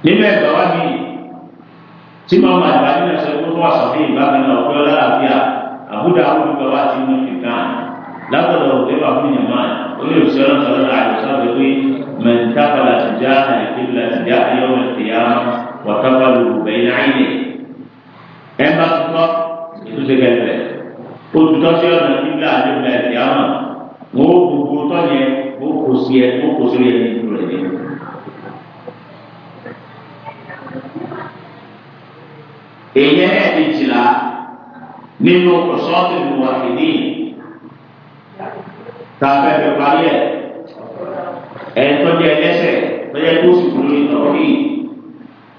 nínú ẹ̀gbọ́n wa mi tí nọ́ọ̀mà ìbáni náà sọ pé kọ́ sàré ìbáni náà ọ̀pẹ́ ọlọ́láàbíà àbúdá àbúdá wa ti mú ìgbà lábọ̀dọ̀ òkè bá fún yàrá olóòsì ọlọ́sọ̀rọ̀ àìsàn rẹ̀ pé mẹ̀ntàkàlà ti já àìkébìlà ti já ayọ́wọ́ ti yá wàtàkàlù bẹ̀yìn àìní. ẹ bá tọ́ ìtúsẹ̀kẹ̀ bẹ̀rẹ̀ olùtọ́sí ọ̀nà nígbà nígbà ìdí àwọn wọn ó gbogbo tọ́yẹ wọn kò sí ẹ wọn kò sí ẹ nínú rẹ ní. èyí ẹ̀ ẹ̀dìjìlá nínú kòsọ́ọ̀tì ìwà ìdí tàbí ẹ̀fẹ̀ parí ẹ̀ ẹ̀ tọ́jú ẹlẹ́sẹ̀ tọ́jú ẹ̀kú sì kúrò ní ọ̀rí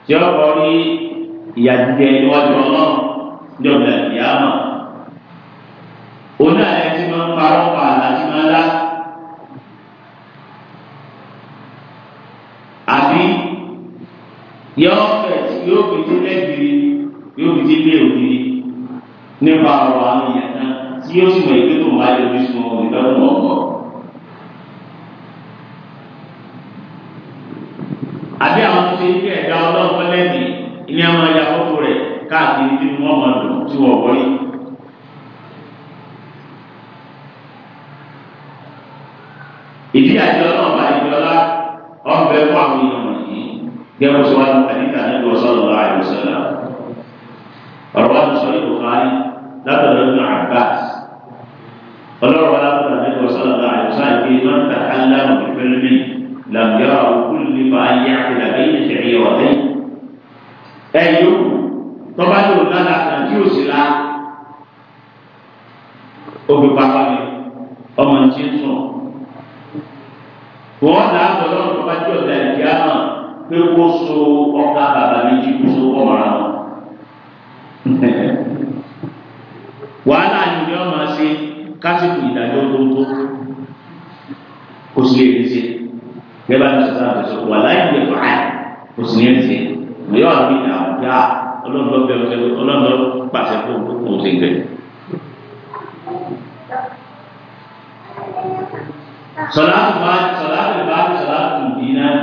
tí ọ̀rọ̀ rí ìyàdìdì ẹ̀ ọlọ́run ní ọ̀gbìn ìyá náà oní àyè tí máa ń parọ́ pa àti máa ń lá. àbí yóò fẹ̀ tí yóò fi tí lẹ́gbìrì yóò fi tí lé òbí nípa ọ̀rọ̀ àwọn èèyàn náà tí yóò sì mọ̀ ìgbé tó ń bá yọjú sí wọn òbí lọ́dún ọ̀gbọ̀n. àbí àwọn tó ṣe ilé ẹ̀dá ọlọ́run lẹ́yìn ilé àwọn ẹ̀yà fọ́tò rẹ̀ káàkiri tí wọ́n mọ̀ lò tí wọ́n wọ́yìí. àjọ náà bá ìjọlá ọ̀bẹ fún àwọn èèyàn wọ̀nyí gẹ́gẹ́ bó wà nípa níta níbi ọ̀sọ́lọ̀ àìsọ̀lá ọ̀rọ̀ wa sọ ìbò káyí látọ̀dọ̀ ní Abbas ọlọ́rọ̀ wa látọ̀dọ̀ níbi ọ̀sọ́lọ̀ àìsọ̀lá ìgbé máa ń ta kálá òkè pẹ̀lú mi làbíyà òkú nípa ayé àti làbẹ́yìn ìṣẹ̀lẹ̀ ọ̀tẹ́yìn ẹ̀yọ́ mi ọmọ ní ń sùn bá jẹ ọ̀gá ìyá náà pé kó so ọkà bàbá méjì kó so kọ́ mọ́ra wọn. wàhálà ni ìjọ máa ṣe kásìkò ìdájọ́ tó ń tó kò sí lè ṣe bẹ́ẹ̀ bá ti sọ sáà fẹsọ̀ wà láyé ìgbẹ́ fà á kò sí lè ṣe ìyá ọ̀gá ìyá ọ̀gá ọlọ́dọ̀ bẹ́ẹ̀ ọlọ́dọ̀ pàṣẹ fún òun ṣe gbẹ sọlá tó bá sọlá tó bá sọlá tó bí náà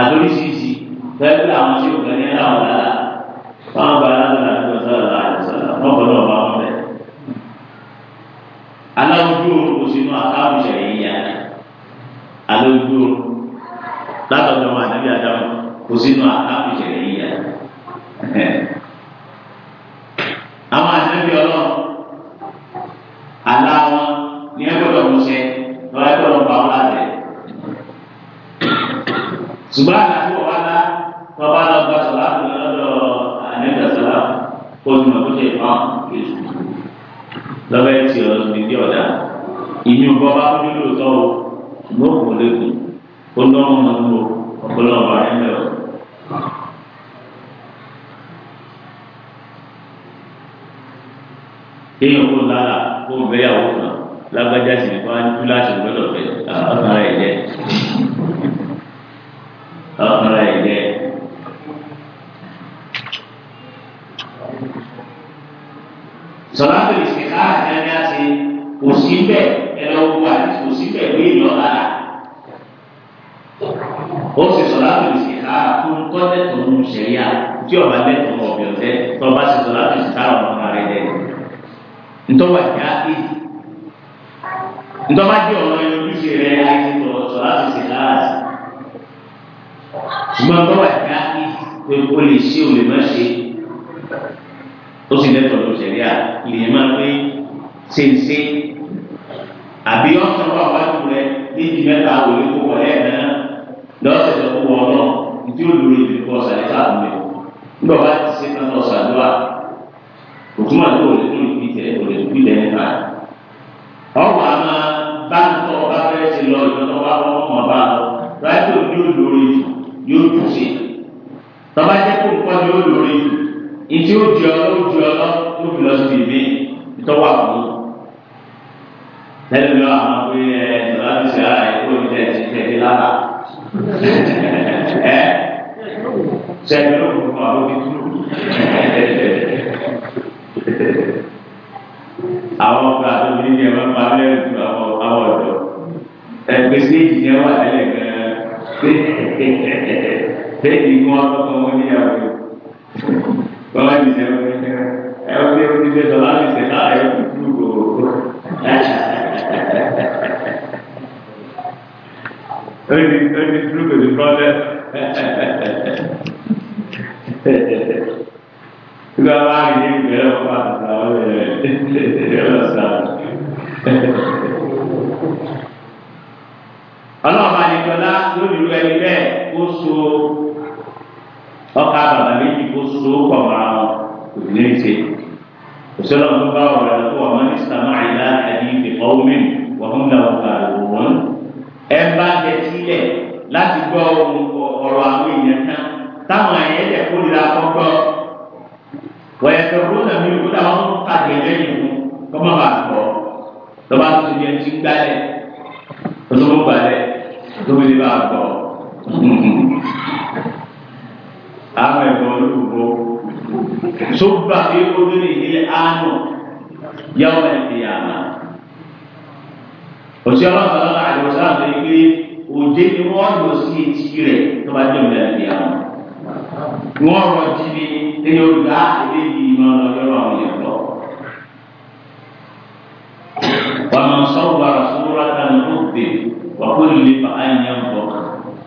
àgbóríṣiríṣi bẹ́ẹ̀ bí àwọn tí òkè ní àwọn ọ̀la fáwọn bá aláàbò náà tó sọ̀rọ̀ láti sọ̀rọ̀ lọ́kọ̀ọ́dọ̀ bá wọn bẹ̀. aláwùjọ kò sínú akáwù ṣẹ̀yìn yá aláwùjọ látọ̀dọ̀ wọn àdébí àdáwọ̀ kò sínú akáwù.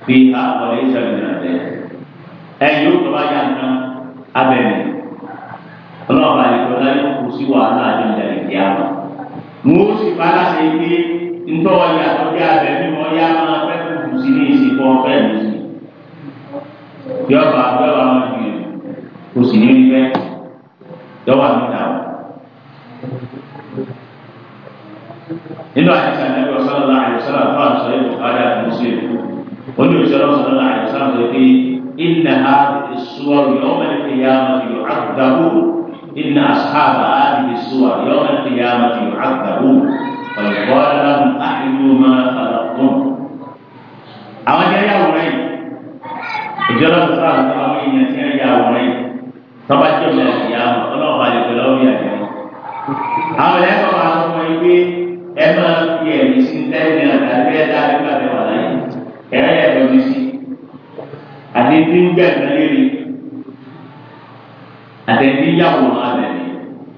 fi ha wọlé sẹ́mìnà dẹ ẹ̀yọ́ tó bá yà nǹkan abẹ́mi ọlọ́ọ̀bà yìí tó yóò kù sí wàhálà àjọyọ̀ ìdí àmọ́ mo sì bá láṣẹ pé ntọ́ ọ̀yà tó jẹ́ abẹ́mi mọ́ yá máa fẹ́ kù sí ní ìsìnkú ọ̀fẹ́ mi sí yọba yọba máa ju kò sì ní ìfẹ́ yọba mi. هذه السور يوم القيامة يعذبون إن أصحاب هذه السور يوم القيامة يعذبون فيقال لهم أحلوا ما خلقتم أما جاء يا ولي وجرى مصر الأمين يا يا ولي تبجم يا قيامة ولا خالق له يا جماعة أما لا يفعل ما يبي أما يا مسكين تاني أنا تربية تاني كده ولا يعني كأي أبو مسكين àti tí ń gbẹ̀sán lérí àtẹ̀tí yàwó alẹ̀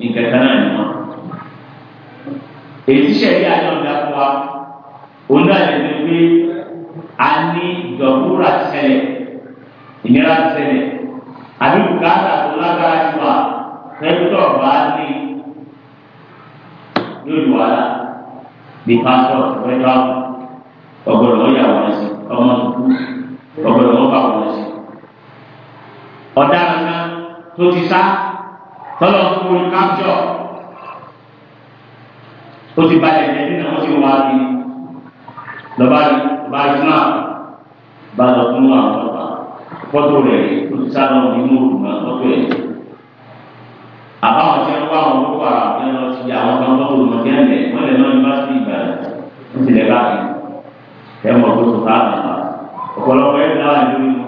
nǹkan kan náà ni wọn. èyí sẹ̀rí àyọ̀ǹda fún wa òun náà lè ní pé a ní dọ̀búrà ṣẹlẹ̀ ìnira ṣẹlẹ̀ àbí bùkátà ni, lágbára sí wa pẹ́tọ̀ bá ní lórí wàhálà bí pásítọ̀ ọ̀rẹ́dọ̀ ọgbọ̀dọ̀ ọ̀yà wọ̀nyí ọmọ tuntun ọgbọ̀dọ̀ ọba wọ̀nyí ọ̀daràn náà tó ti sá tọ́lọ̀ fún un kápṣọ̀ ó ti balẹ̀ jẹ́ nínú àwọn tí wọ́n wá bí lọ́ba lọ́ba jùmọ̀ bá lọ fún àwọn ọ̀pá fọ́tò rẹ̀ ó ti sá lọ nínú òrùnà fọ́tò rẹ̀ àbáwọn tí wọ́n wá wọn kó wà ní lọ sí àwọn kan tó wọ́n ti ń lẹ̀ wọ́n lè lọ yunifásitì Ìbàdàn ó ti lẹ̀ báyìí ẹ̀ mọ̀ tó tó ká ọ̀pọ̀lọpọ̀ ẹ̀ dáhà lórí wọn.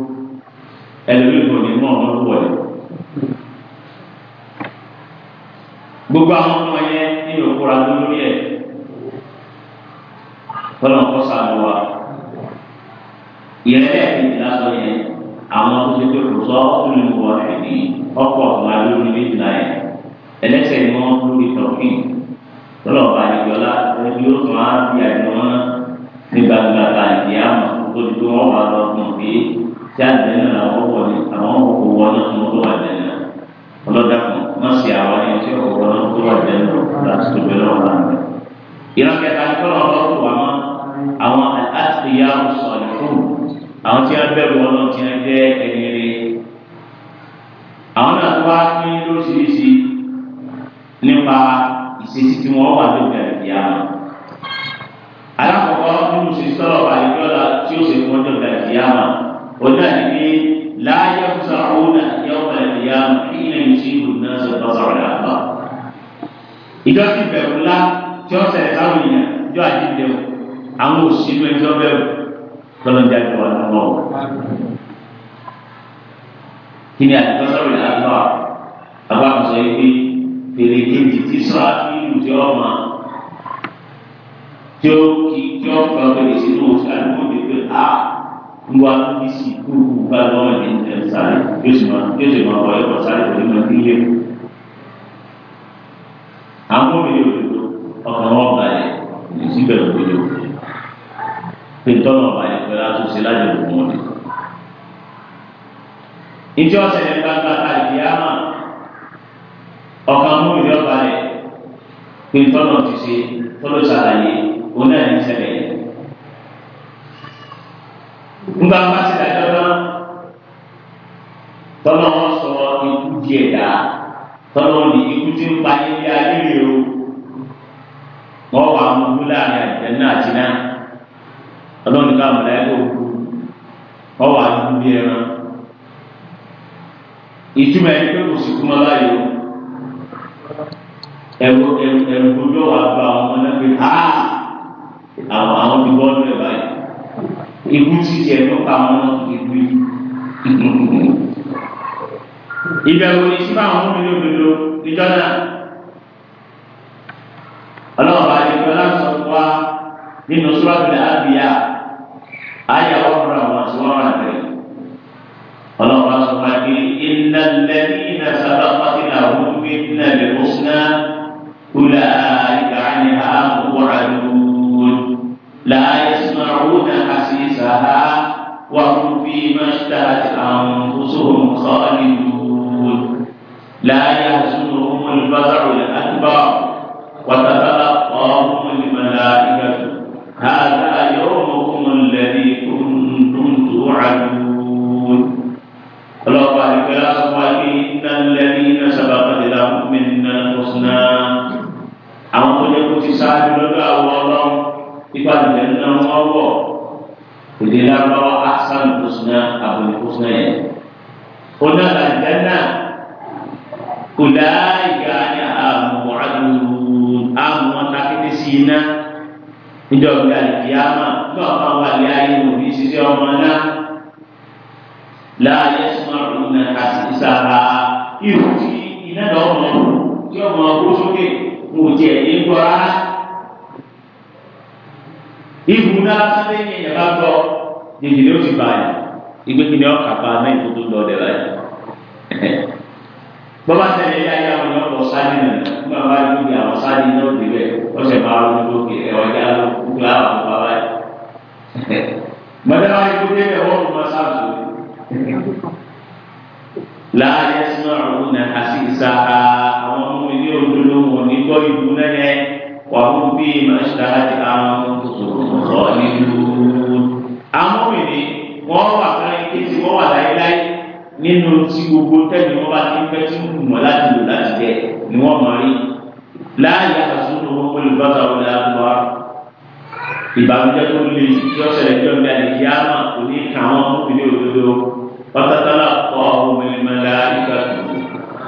ẹlòmíì kò ní mọ ọmọ tó wọlé gbogbo àwọn ọmọ yẹn nínú òkúra tó lórí ẹ tọ́lá ń kọ́ sàánú wa ìyẹn lẹ́ẹ̀kejì lásán yẹn àwọn tó ṣe pé kò sọ ọ́kùnrin ní wọ́n rẹ̀ ní ọkọ̀ ọ̀gbọ́n lórí méjì náà yẹn ẹlẹ́sẹ̀ ni wọ́n lórí tọ́kìn tọ́lá ọba àdìgbọ́lá ẹbí ó tún á bí àdìgbọ́n nígbàgbà tàǹdì àmọ́ tó ti tó wọ́n wà lọ́gbọ̀n bíi jáde nínú àwọn wọlé àwọn òkú wọlé ọmọ tó wà lẹ́nu ọlọ́dà kan wọ́n sì àwọn ẹni tí òkú wọlé ọmọ tó wà lẹ́nu láti tó bẹ̀rẹ̀ wọn lánàá rẹ̀. ìran kẹta ní kọ́lọ́ ọ̀rọ̀ tó wà mọ́ àwọn àtìyá sọ̀rọ̀ fún àwọn tí wọ́n bẹ̀rù wọn lọ tí wọ́n jẹ́ ẹni rẹ̀. àwọn náà wá ní lóṣìṣì nípa ìṣesí tí wọ́n wà lóbi àdìyá alákọ̀ọ́kọ́ nínú ìṣesí tọ́lọ̀ àdìyá tí ó ṣe fún ọjọ́ وتأتي لا يفزعون يوم القيامة حين يصيب الناس الفزع الأكبر ìjọ ti bẹ̀rù ńlá tí ó ṣẹlẹ̀ sáwọn èèyàn ìjọ àjíǹde o àwọn òṣìṣẹ́ ẹjọ́ bẹ̀rù tọ́lọ́jà ti wà lọ́wọ́ o. kí ni àtijọ́ sọ̀rọ̀ ìlànà náà bàbá mi sọ yìí pé fèrè kejì tí sọ́ra tí ìlú tí ó mọ̀ tí ó kí tí ó kọ́ fèrè sínú oṣù àdúgbò tó pé a wá ní sìkú bá lọ́wọ́ ní ẹ̀sáré yóò sì máa yóò sì máa wọ ẹ̀kọ́ sáré pẹ̀lú máa ní ilé. àwọn òye òdodo ọkàn wọn balẹ̀ ní síbẹ̀ òdodo pé tọ́nà balẹ̀ pẹ̀lú àtúnṣe láti òkun wọn. ìjọ ọ̀sẹ̀ gbangba àìdí àmà ọkàn mú ìjọ balẹ̀ pé tọ́nà ti ṣe tọ́lọ́sàlàyé onáà ní ṣẹlẹ̀ yẹn. nígbà wọn bá na dájọ́ náà tọ́nà sọ di ẹ̀dá tọ́nà wọn ti o wọ́n wà mú kú láàrin àjẹ́ náà àti náà ọlọ́run ní ká mọ̀lá ẹ̀kọ́ o gba ha ti egun ti tiẹ̀ ló pa wọn egun yìí. ìbẹ̀wò ni sí fáwọn ọmọ mi lódodo níjọ́ náà. ọlọ́run bá yẹ kọ́lá sọ wá nínú sọ́ọ́dún àbíyá ayé àwọn ọmọ àwọn àti wọn rà bẹ̀rẹ̀. ọlọ́run bá sọ wá pé iná lẹ́ni iná sábà pàtí làwọn ọmọ mi nílẹ̀ lè kó síná kúlẹ̀ àìkà ni àwọn ọmọ rà láàyè. لا يحزنهم الفزع الأكبر وتتلقاهم الملائكة هذا يومكم الذي كنتم توعدون الله بارك لكم إن الذين سبقت لهم منا الحسنى àwọn tó yẹ kó ti sáájú lọ́dọ̀ àwọn ọlọ́run ipa ìjẹ́ ní wọn wọ̀ èdè lábọ́ àṣà kòláìka ni àwọn àdùn àwọn akéde sí iná níjọ́ bí alìkíyàmà nígbà wọn wà ní ayé wọn bí sísẹ ọmọ náà láàyè sọmọrùn náà àti ìsàrà irú tí iná lọ mọ tí ọmọ ọgbó sókè mo tiẹ̀ ní gbọ́ rárá ibù náà tún lé ní ìyàbá gbọ́ jẹjẹrẹ ó ti bàyà ìgbékiní ọkà pa náà ìfowópamọ́ ọdẹ láyé bọ́bá tẹ̀lé yá yá wọn yọ ọ sáájú nà nígbà bá yọ ibi àwọn sáájú náà ti bẹ̀ ọ̀sẹ̀ bá wọn ní gbòkè ọ̀yá gbogbo àwọn bàbá yìí. mọ̀tẹ́lá yìí kó dé ẹ̀wọ́ ọ̀run máa sáàtò. láàyè sinú ọ̀run nà àti ìsàkà àwọn ọmọ ilé òdodo wọn ní gbọ́ ìlú nẹ́nẹ́ wà fún bí màṣíkà àwọn ọmọ tó nínú tí gbogbo tẹ́lẹ̀ wọn bá ti fẹ́ tí wù wọ́n láti lò láti jẹ ni wọ́n mọ̀ rí láàyè àtúntò wọn kó lè bọ́sà wọn lè lọ wa ìbànújẹ́ tó le tí ó ṣẹlẹ̀ tí ó ń bẹ àdìyẹ àmà kò ní kà wọ́n fún mi ní òdodo pátákálà kọ́ àwọn ọmọ ìlú ńlá ìgbà tó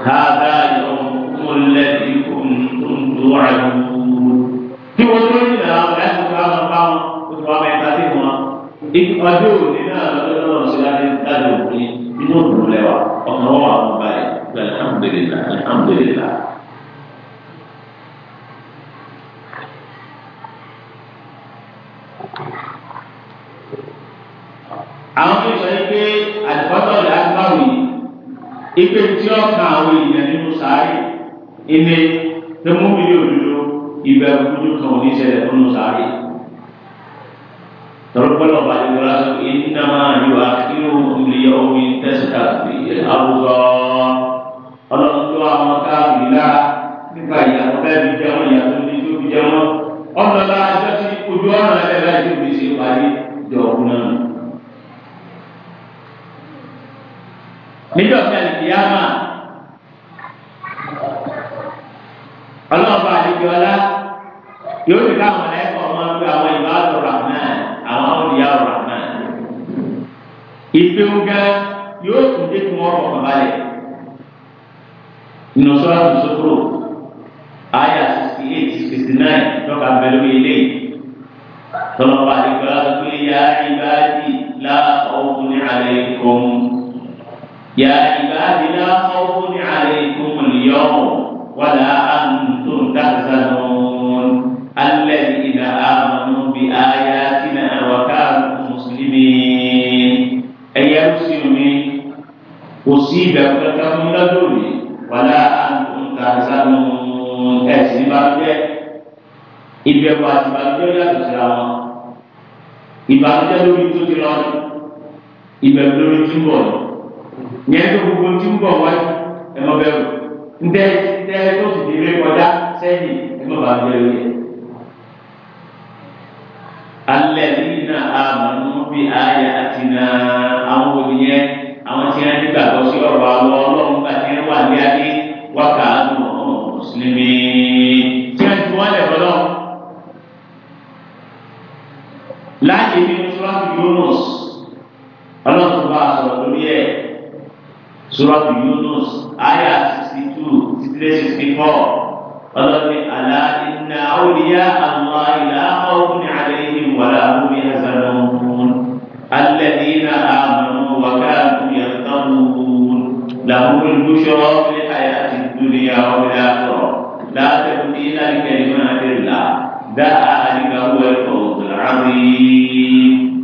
káàdá ìyọ̀wọ̀n lẹ́bi tó wà lóru. tí wọ́n tó ní ìlànà àwọn ẹ̀sìn tó wà bá wọn ó ti wá mẹ́ta sí wọn ọjọ́ òní náà lọ́dọ̀ náà ṣe láti dájọ́ òní inú òdùnnú lẹ́wà ọmọ wọn wà wọn báyìí alhamdulillah alhamdulillah. àwọn tó sọ pé àdìpọ́tọ̀ ìlà àgbáwì ipe tí ó ka àwọn èèyàn nínú sáré ilé tó mú mi yóò dúró ìbẹ̀rù kúndùn kan ò ní ṣẹlẹ̀ nínú sáré tọ́lọ́pọ́lọ́ bá yẹ kọ́lá sọ ìnáma yóò akíyó ìlú omi tẹ́sítà àwùjọ ọlọ́dún àwọn káàkiri la nípa ìyàwó bẹ́ẹ̀ bí jẹun ìyàwó ní tó bí jẹun ọlọ́lá ẹjọ́ sí ojú ọ̀nà ẹ̀ láì tó fi ṣe parí jọ ọ̀hún náà. níjọ́ sí àlìkìyàmà ọlọ́ọ̀bà àlìkìyàlá yóò ní àwọn ọ̀dì yà ọ̀rọ̀ àná. ìpéwò gan yóò tún dé kí wọ́n rọ̀ bàbá yẹ. nínú sọ́ra tó sọ́kúrò àyà sixty eight sixty nine lọ́ka bẹ̀rẹ̀ wí ilé tọ́lọ́pàá ìgbàlá tó gbé yá sí ìbẹ̀rù kankan fún lọ́dún òní wàlá àǹtà sánú ẹ̀sìn ìbànújẹ́ ìbẹ̀rù àti ìbànújẹ́ yàtọ̀ síra wọn ìbànújẹ́ lórí tó ti lọ́nà ìbẹ̀rù lórí tí ń bọ̀ ní ẹjọ́ gbogbo tí ń bọ̀ wáyé ẹ mọ bẹ̀rù ntẹ ntẹ tó sì ti rí kọjá sẹ́yìn ẹ mọ bàbá lórí ẹ. alẹ́ nínú àmọ́ bí ayé àti náà àwọn òbí tí wọ́n ti gbàgbọ́ sí ọ̀rọ̀ àwọn ọlọ́run gbà tí wọ́n wà ní ayé wákà ánú mùsùlùmí tí wọ́n ti wọ́n lẹ̀ fọlọ́. láti ní sùràtù Yunus ọlọ́run bá a sọ̀rọ̀ lórí ẹ̀ sùràtù Yunus àyà sixty two sixty three sixty four ọlọ́run àlá iná àwòrán àwọn ìlà ọ̀hún ni àlẹ́ yìí wà láàbù له البشرى في الحياة الدنيا والآخرة لا تبديل لكلمات الله ذلك هو الفوز العظيم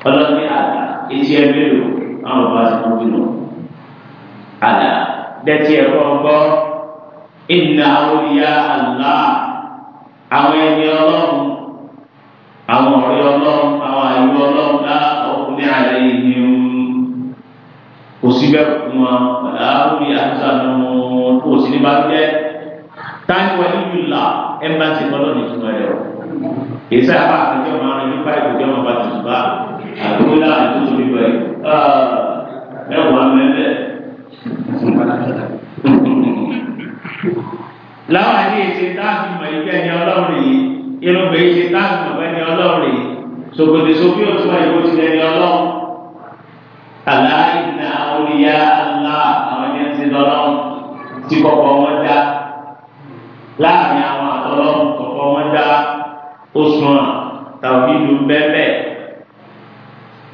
فلن ألا إتيابلو أو باس مبلو ألا دتي ربو إن أولياء الله أولياء الله أولياء الله أولياء الله لا أغني عليه ni kò sí bẹ́ẹ̀ fún wọn aláàbí àtúnṣàánú kò sí ní bá jẹ́ táyì wọlé yìí là ẹ̀ máa ti gbọ́dọ̀ ní ìtumọ̀ rẹ̀ o èyí sáyà bá àtúnṣe ọmọ rẹ̀ nípa ìgbòjọ́ ọmọ bá ti tù bá àdúgbò láàrin tó tóbi bẹ́ẹ̀ mẹ́wàá mẹ́lẹ̀ láwọn àti èsè táàbì mọ̀ ìgbẹ́ ẹni ọlọ́run yìí irun bẹ̀ èsè táàbì mọ̀ ẹni ọlọ́run yìí sòkòtò sókè òtún àyẹ̀wò ti ẹni ọlọ́run àlá Ya ńlá àwọn ẹni ti lọ́lọ́ tí kọ̀kọ́ wọn dá láàrin àwọn àlọ́lọ́ kọ̀kọ́ wọn dá oṣù hàn tàbí lu bẹ́ẹ̀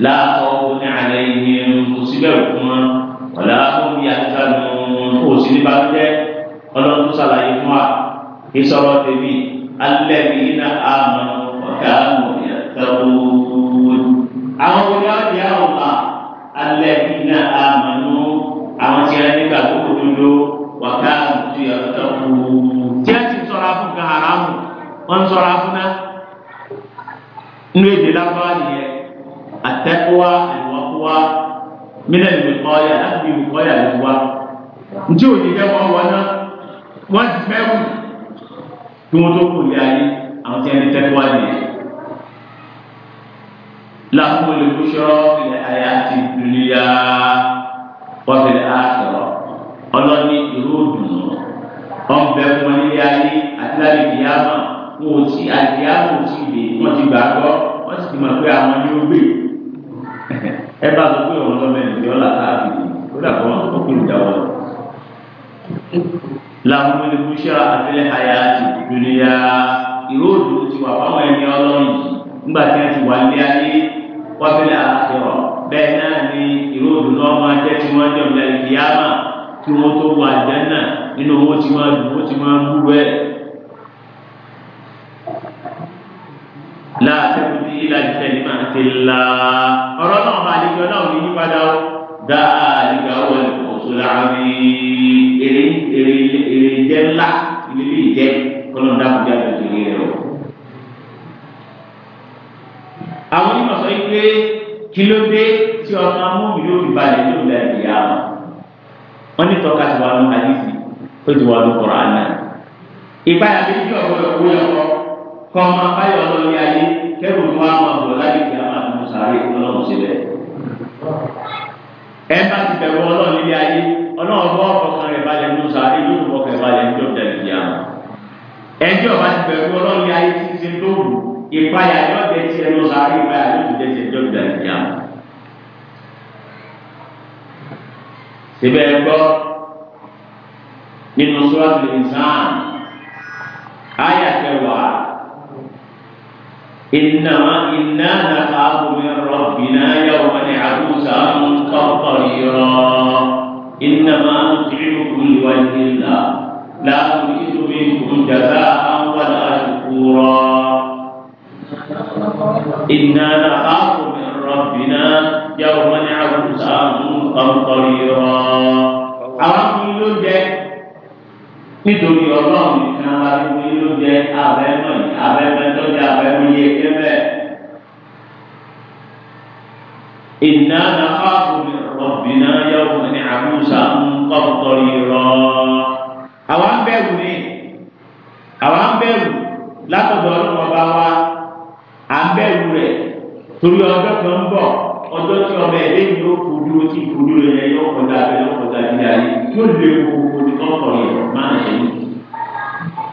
láàkọ́ ní àlẹ́ yìí kò síbẹ̀ òkú wọn wọ̀lá fún mi àti sanu kò sí ní bàjẹ́ ọlọ́run tó ṣàlàyé fún wa ìsọ̀rọ̀ tèmi alẹ́ mi iná àmọ́ ọ̀gá àmọ́ ìyàtọ̀ wò. àtẹ́kọ́wá ìwọ́kọ́wá mílẹ̀ ìwòkọ́yà láti ìwòkọ́yà lọ́wọ́ njẹ́ òní fẹ́ wọ́n wọ́n náà wọ́n ti fẹ́ wù kí wọ́n tó kù lé ayé àwọn tí wọ́n ti tẹ́kọ́wá nìyẹn. láàmú olùkúṣọ́ ilẹ̀ ayé àti ìdúnyà wọ́n fi lè á sọ̀rọ̀ ọlọ́ni ìró òdùnnú wọ́n bẹ wọn nílé ayé àti láti ìyá wọn wọn ò tí àti ìyá wọn ò tí lè wọ́n ti gbàgbọ́ wọ́n ti mọ̀ pé àwọn yóò gbé. ẹ bá sọ pé òun lọ́mọ ẹ̀jẹ̀ ọ̀la káàkiri ó dà kọ́ ọ́n kó ìjà wọn. làwọn àyà ìròdù ti wà fáwọn ẹni ọlọ́run yìí nígbà tí wọ́n ti wà ní ayé wọ́n fẹ́lẹ̀ àṣẹwọ̀ bẹ́ẹ̀ náà ni ìròdù náà máa jẹ́ tí wọ́n jẹ́ ìdíyàmà kí wọ́n tó wà jẹ́ náà nínú owó tí wọ́n láàbùkù sí ilà ìṣẹ̀lẹ̀ máa ti la ọ̀rọ̀ náà máa lè jọ náà ní yípadà ó dáàlíkà wọ oṣù làámi èrè èrè èrè jẹ ńlá ìlérí ìjẹ kọlọ́n dáàbò jẹ àgbàdo ìrẹ o. àwọn onímọ̀ sọ pé kí ló dé tí ọmọ amóhùn yóò fi balẹ̀ ní òun lẹ́yìn ìyá wọ́n ní tọ́ka ti wà ló hadisi ó ti wà ló Kùránì. ìpayà méjì ọ̀gbọ́dọ̀ kó yẹ kọ́ kọ́má báyọ̀ lórí ayé kẹ́rù tó wá máa bọ̀ láyé kí a máa tó sàárè ọlọ́run sí bẹ́ẹ̀. ẹ bá ti bẹ̀rù ọlọ́run nílé ayé ọlọ́run bọ́ ọkàn rẹ̀ balẹ̀ ní sàárè yóò bọ́ ọkàn rẹ̀ balẹ̀ ní ọjà ìdí àmọ́. ẹjọ́ bá ti bẹ̀rù ọlọ́run nílé ayé ti ti tó wù ìpayà yóò jẹ ti ẹnu sàárè ìpayà yóò jẹ ti ẹjọ́ ìdí àmọ́. síbẹ̀ gbọ́ nínú sọ́ọ́ إنما إنا نخاف من ربنا يوما عبوسا قمطريرا إنما نطعمكم لوجه الله لا نريد منكم جزاء ولا شكورا إنا نخاف من ربنا يوما عبوسا قمطريرا أرحم الوجه nítorí ọlọ́run àwọn adigun yìí ló jẹ abẹ́mọ̀ yìí abẹ́mọ̀ tó jẹ abẹ́mọ̀ yìí ẹgbẹ́ bẹ́ẹ̀. ìná nàfà kùnì rọ̀bìnà yọ̀wò ní àmúṣà ń kọ́ tọ̀rì rọ̀. àwa ń bẹ̀rù ni àwa ń bẹ̀rù látọ̀dọ̀ ọlọ́run ọba wa à ń bẹ̀rù rẹ̀ torí ọjọ́ kan ń bọ̀ ọjọ́ tí ọmọ ẹ̀ lẹ́yìn ló kú dúró tí kú dúró yẹn yóò kọjá abẹ́ yóò kọjá ilé ayé yóò lé gbogbo ní kọ́kọ́ yẹn máa ń ṣe yìí.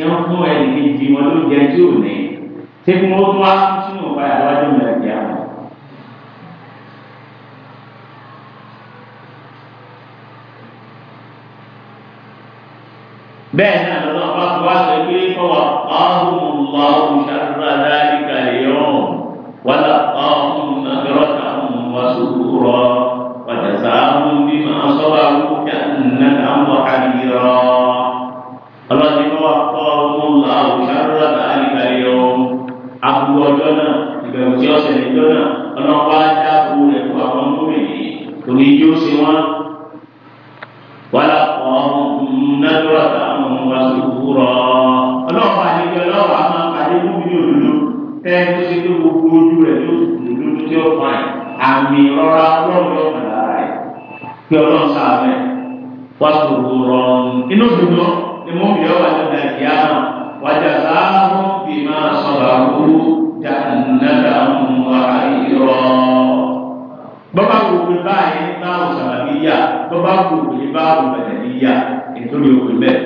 kí wọ́n fún ẹnì kejì wọn ló jẹ tí ò ní ṣé kí wọ́n tún á sínú ìpadà wájú mẹ́rin jẹ́ àwọn. bẹ́ẹ̀ náà lọ́dọ̀ bá wá sọ pé kọ́wà ọ̀hún lọ ṣàrúrà dáríkà lèyàn wàlà ọ̀hún nàdúrọ̀tà ọ̀hún wàṣùkúrọ̀ wàjàsáà. aburú ọjọ́ náà ìbẹ̀rù tí ọ̀sẹ̀ níjọ́ náà ọlọ́pàá ajá aburú rẹ̀ fún àwọn gómìnà torí yóò ṣe wọn. wàlá ọ̀hún nàdúrà táwọn wá sòkúrọ̀ ọlọ́pàá àlejò ọlọ́pàá máa pàdé lóbi ní òdodo tẹ́ ẹ tó ṣe pé gbogbo ojú rẹ̀ yóò dúdú tí ó fà ẹ̀ àmì ìrora ọlọ́run yóò kàn lára ẹ̀ kí ọlọ́run sàmẹ́ wá sáà fún bìmá sọ̀rọ̀ àbúrò jannata wa ayira bọ́bá wo pé báyìí báwo sàbàbíyà bọ́bá wo pé báwo bàtàbíyà ètò yóò pè bẹ́ẹ̀.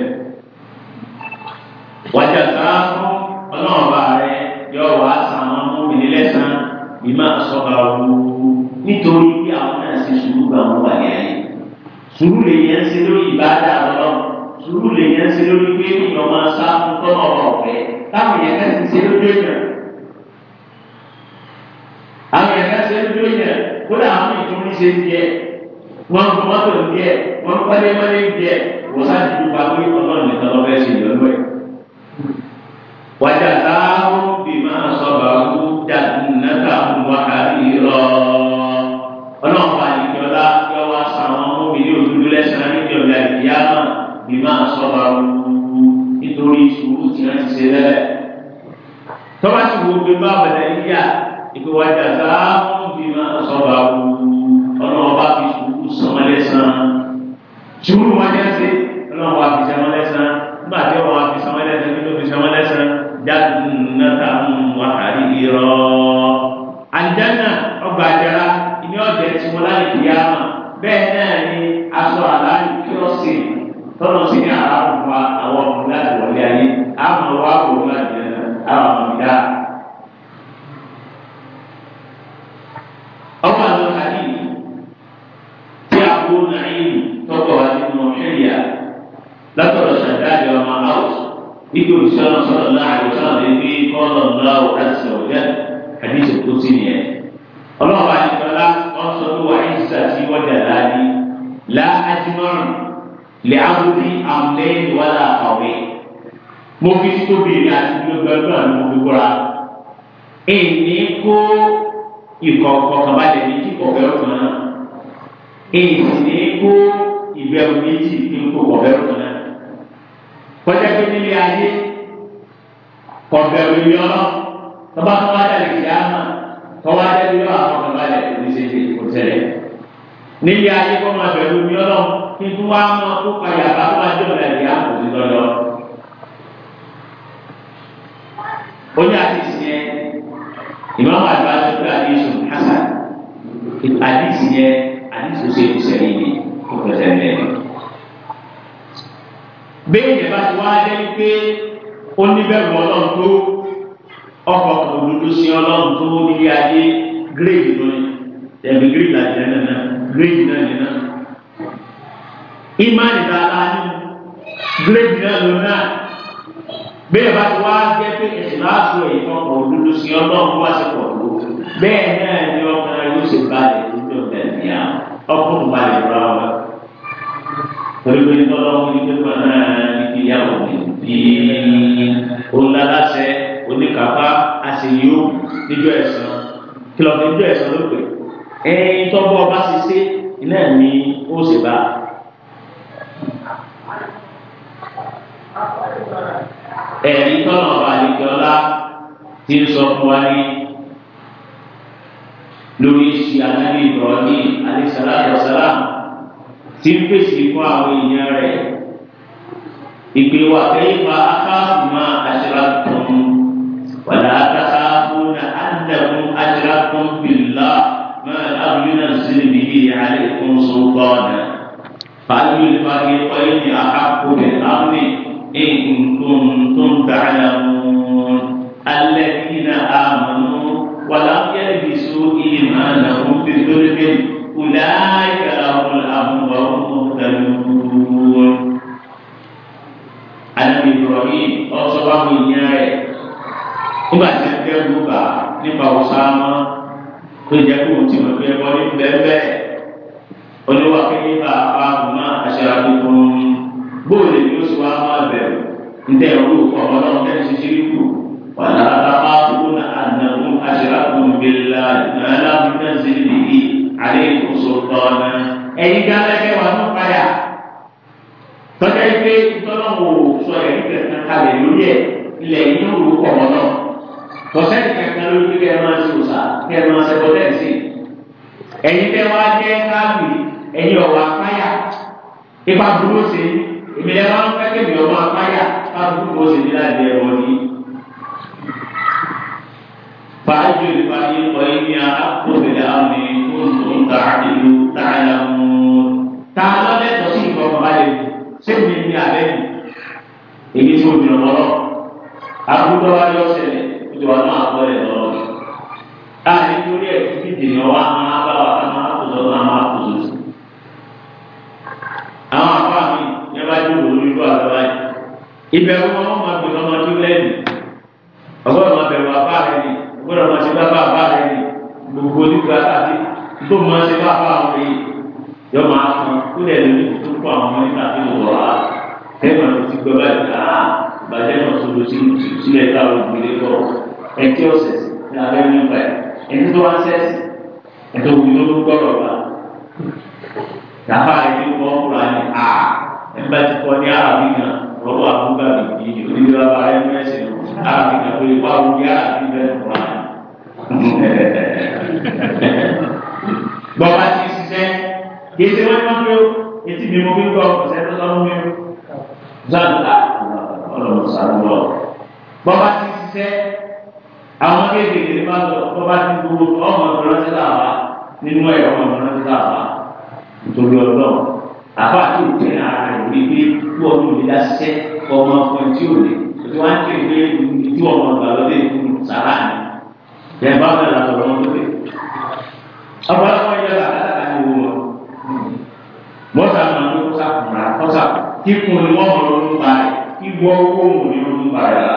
wájà sáà fún ọlọ́ọ̀bà rẹ yọ wá sàmọ́ mọ́bìnrin lẹ́sàn-án ìmọ̀ àsọ̀bà wù ú nítorí bí àwọn náà ṣe sùúrù gba wọn wà ní ayé. sùúrù lè yẹn ṣe lórí ìbáda àlọ́ sùúrù lè yẹn ṣe lórí pé ènìyàn máa sá fún tọ́nà ọ̀rọ̀ ọ̀fẹ́ táwọn yẹn fẹ́ ṣe lójú èèyàn àwọn ẹ̀ka ṣe ń dúró yẹn kódà àwọn ìtúndí ṣe ń jẹ wọn kọ mọ́tò ń jẹ wọn pálí mọ́lẹ́ ń jẹ wọ́n sáà ti gba pé ọlọ́run nìkan lọ́ fẹ́ ṣe ìyọ́nú ẹ̀. wájà táwọn bí máa sọ̀rọ̀ àwọn dàdún náà wà kárí rọ ọlọ́run bá ìjọba yọ wá sàwọn ọmọbìnrin òdúdú lẹ́sàn-án níjọ ìyá ìyá náà bí máa sọ̀rọ̀ àwọn nítorí ìṣòro ìpè wá jàdá bí máa sọ̀rọ̀ àwọn ọlọ́run bá fi sùúrù sọmọlẹ́sàn. sùúrù wájà sí ọlọ́run bá fi sọmọlẹ́sàn nígbà tí wọ́n. òjíṣẹ́ náà sọ̀rọ̀ láàrin sọ̀rọ̀ ní bí kọ́lọ̀ lọ́wọ́ àti ọ̀gá àdìsí kó sí nìyẹn. ọlọ́run àyíkọ́lá wọ́n sọ pé wà ìṣà tí wọ́n dà láàyè lá ájúmọ́rùn lè ábúdí àmúlẹ́yìn wàlá àkàwé. mo fi tóbi ní àti gbogbo ẹgbẹ́ àti gbogbo kóra. èmi kó ìkọ̀kọ̀ kàbálẹ̀ ní kíkọ̀kẹ́ ọ̀kan náà. èmi kó ìbẹ̀rù méjì ní kíkọ̀kẹ́ ọ̀kan náà. kọjá pé ayé kọ̀ọ̀bẹ̀rù ibi ọ̀nà tọ́ba tó wá jáde kìí àmà tọ́wá jáde yọ àwọn ọ̀nà balẹ̀ oníṣègbè òṣèlè. níbi ayé kọ́ máa bẹ̀rù ibi ọ̀nà kí tó wá mọ tó payà bá wá jọ lẹ́yìn àkòtí lọ́dọ̀. ó ní àdìsí yẹn ìmọ̀mọ́ àgbà tó gbé àdìsí hasan àdìsí yẹn àdìsí ó ṣe ìṣẹ̀lẹ̀ yìí kó pẹ̀sẹ̀ mẹ́rin. bẹ́ẹ̀ yẹn bá ó níbẹ̀rù ọlọ́run tó ọkọ̀ òdodo sí ọlọ́run tó nílé ayé gírèdì lónìí tẹ̀mí gírèdì àti ẹ̀nà náà gírèdì náà ní náà. ìmáàlì dáadáa ní gírèdì náà ló náà bẹ́ẹ̀ bá ti wá jẹ́ pé ẹ̀sìn náà sọ èyí ọkọ̀ òdodo sí ọlọ́run wá sí pọ̀ tó bẹ́ẹ̀ náà ni ọkùnrin rẹ̀ ṣe balẹ̀ lójú ọ̀tẹ̀ ní àwọn ọkùnrin balẹ̀ rárá. torí onílàlásẹ oníkàpá àṣeyíó níjọ́ ẹ̀san kìlọ̀kì níjọ́ ẹ̀san ló pè ẹyin tọ́gbọ́ ọba ṣiṣẹ́ iná ní ó sì bá. ẹ̀rí tọ́nà ọba àdìgbọ́lá ti ń sọ fún wa ní lórí ìṣì ànábì ìbọ̀ọ́lì àdìsálàmù tí ń pèsè fún àwọn èèyàn rẹ̀ ìpè wà kẹ́yìn fa akáàbù máa aṣèrà tuntun wàlá akáàbù na àdàkùn aṣèrà tún bìlá máa àbúyọ̀nà sílẹ̀ bìbí àlẹ́ kún sọ́kọ́ọ̀nà. fàájú ìfàgé ọ̀yẹ́ ni akáàbù bẹ̀ àmì إن كنتم تعلمون الذين آمنوا ولم يلبسوا إيمانهم بظلم أولئك لهم الأمر وهم مهتدون anabi ibrahim ọsọ báwo ìyẹn rẹ nígbà tí ẹ fẹ́ gbógbà nípa ọ̀sáàmọ́ tó jẹ́ kó tí mo fi ẹbọ ní bẹ́ẹ̀bẹ́ oníwà kéde bá a máa aṣara tuntun bóòlù ni ó sì wá máa bẹ̀rù ntẹ̀ ọ̀rọ̀ ọ̀rọ̀ náà tẹ̀ sí sí kù wà lára bá tó na ànàkùn aṣara tuntun nàlá mi náà sì lè yí àlẹ́ ìkóso tọ́ náà tọ́jà yìí pé tọ́lọ́wọ́ sọ ẹ̀rí kẹta kalẹ̀ lórí ẹ̀ ilẹ̀ yìí ló wù ọmọ náà tọ́sẹ̀ kẹta lórí kí ẹ máa ṣe òṣà kí ẹ máa ṣe bọ́lẹ̀ sí ẹ̀yin tẹ́ wá jẹ́ káàmì ẹ̀yin ọ̀wọ́ apáyà ipa burú ṣe èmi ẹ máa ń fẹ́ kí èmi ọmọ apáyà ká burú ṣe ní láti ẹ̀ wọ́n ní. fàájì ìfàyè ọ̀yẹ́ ní arákùnrin àmì tó tó ń ta àdìlú tá lọ́rọ̀ àbúrò wa yọ sẹlẹ̀ ojú wa náà bọ́ ẹ̀ lọ́rọ̀ a nítorí ẹ̀ fi dènà wa máa bá wa ká máa kó sọ́dọ̀ máa kó sọ́dọ̀ àwọn afá mi ní bá tó wò lórí ìlú àgbà yìí ìbẹ̀rù wọn wọn máa gbèrò ọmọdé lẹ́nu ọgbọ́dọ̀ máa bẹ̀rù àbá rẹ̀ ni ọgbọ́dọ̀ máa ṣe bá bá àbá rẹ̀ ni gbogbo onígbà àti tó máa ṣe bá bá àwọn èyí yọ máa fún kúlẹ̀ lórí tó kó àwọn ọmọ nígbà tó wọ̀ á tẹ́lẹ̀ máa ti gbọ́ báyìí bàjẹ́ náà tó lòsí sílẹ̀ káwọn ìgbìlẹ̀ kọ̀ ẹtí ọ̀sẹ̀ ní abẹ́ nípa ẹ̀ ẹtí tó wá sẹ́sì ẹtí òkú ló ló gbọ́rọ̀ bá tàbá ẹni kọ́ kúrò ní a ẹgbẹ́ ti kọ́ ní arábí náà rọ́bà àbúgbà bìbí onídìrí bàbá ẹ̀ mẹ́sìn arábí náà pé wàá wúdi arábí bẹ́ẹ̀ kúrò bọ́lá ti ṣiṣẹ́ kí ṣe wọ́n ti wọ́n tó etí mi mo fi gbọ́ ọ̀sẹ̀ tó sọ́nù mi ọlọ́run sàdúrà bọ́bá ti ṣiṣẹ́ àwọn kéékèèké bá lọ bọ́bá ti gbogbo ọmọ ìrántí làwà nínú ẹ̀ ọmọ ìrántí làwà nítorí ọlọ́run àbá tí ò tẹ ara rẹ̀ wí pé kú ọdún mi dá ṣiṣẹ́ ọmọ ọkọ tí ò lè tí wọ́n á ké pé ìtú ọmọ ìgbàlódé ìlú sàrà ni yẹn bá bẹ̀rẹ̀ àtọ̀rọ̀ wọn lóde ọ̀pọ̀lọpọ̀ yẹ làkàtàkà ni wọ́n mọ́tà máa ń kọ́sà kùnà kọ́sà kíkùn ni wọ́n mọ̀ ló ń ìwọ ohun ní ronú báyà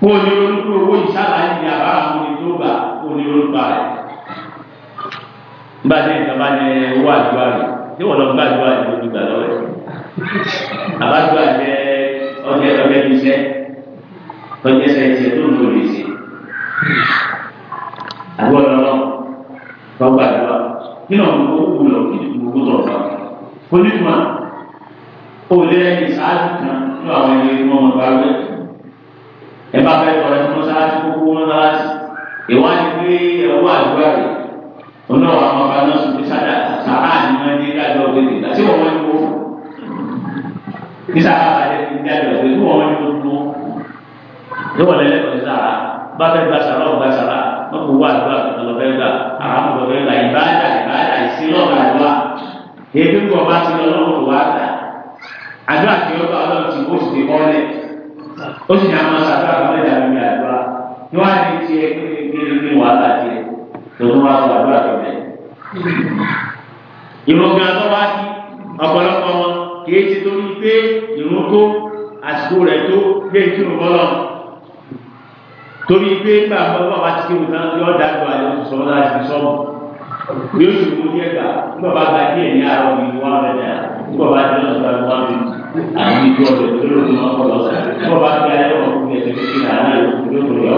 kó ní ronú kúrò owó ìṣàlà ìdí àbára àwọn ètò ọgbà kó ní ronú báyà nígbà tí nǹkan bá ní owó àdúrà rẹ tí wọn lọ ń gbàdúrà rẹ lójú gbà lọ́wọ́ ẹ àbádúrà jẹ ọjọ́ ọjọ́ iṣẹ́ tọjọ ẹsẹ ẹsẹ tó ń lòlì sí àbúrò lọ́wọ́ tọgbàdúrà kí ló ń gbogbo lọ kí ló ń gbogbo tọgbà onímọ̀ kó o lé ìsáájú kan ní àwọn ilé tí wọ́n mọ̀ bá wẹ̀. ẹ bá fẹ́ tọrọ tí wọ́n sáájú kókó wọn láti ìwádìí pé ẹ̀wọ́ àdúrà rẹ̀ oní ọ̀rọ̀ àwọn ọba náà sùn ní sádà sàrà ni wọ́n ní dájọ́ ògbédè láti wọ́n wọ́n ní wọ́n ní sàrà àti ní dájọ́ ògbédè wọ́n wọ́n ní wọ́n ní wọ́n ní wọ́n lẹ́lẹ́kọ̀ọ́ sàrà bá fẹ́ gba sàrà ọ̀gá sàrà wọ́n kò wá àdúrà lọ́fẹ́ gbà àwọn ọ̀gá ìbáàdà ìbáàdà ìsílọ́ọ̀gá àdúrà èmi kọ̀ àdúrà tí ó bá ọlọ́run ti ó sì ti bọ́ lẹ̀ ó sì ní àwọn sàdúrà tó lẹ́yìn àmì àdúrà ní wàá ní tiẹ̀ kékeré ní wàhálà tiẹ̀ tó tó wàá sọ àdúrà tó lẹ̀. ìrògbìn àtọ́ wá sí ọ̀pọ̀lọpọ̀ wọn kì í ti torí pé ìrókò àsìkò rẹ̀ tó gbé ìkírun bọ́lọ̀ torí pé nígbà bọ́lá wa ti kéwòn náà yọ ọ̀dà àgbà yóò sọ̀rọ̀ láti sọ́mù yóò sì mú díẹ̀ gbà nígbà bá gba díẹ̀ ní àárọ̀ ní wọ́n rẹ̀ náà nígbà bá díẹ̀ náà gba wọ́n rẹ̀ náà àwọn ìjọ rẹ̀ lórí ìlú ọkọlọ tó bá gbé ayé wọn fún ẹsẹ̀ kékeré náà láyé òkú ló kò yọ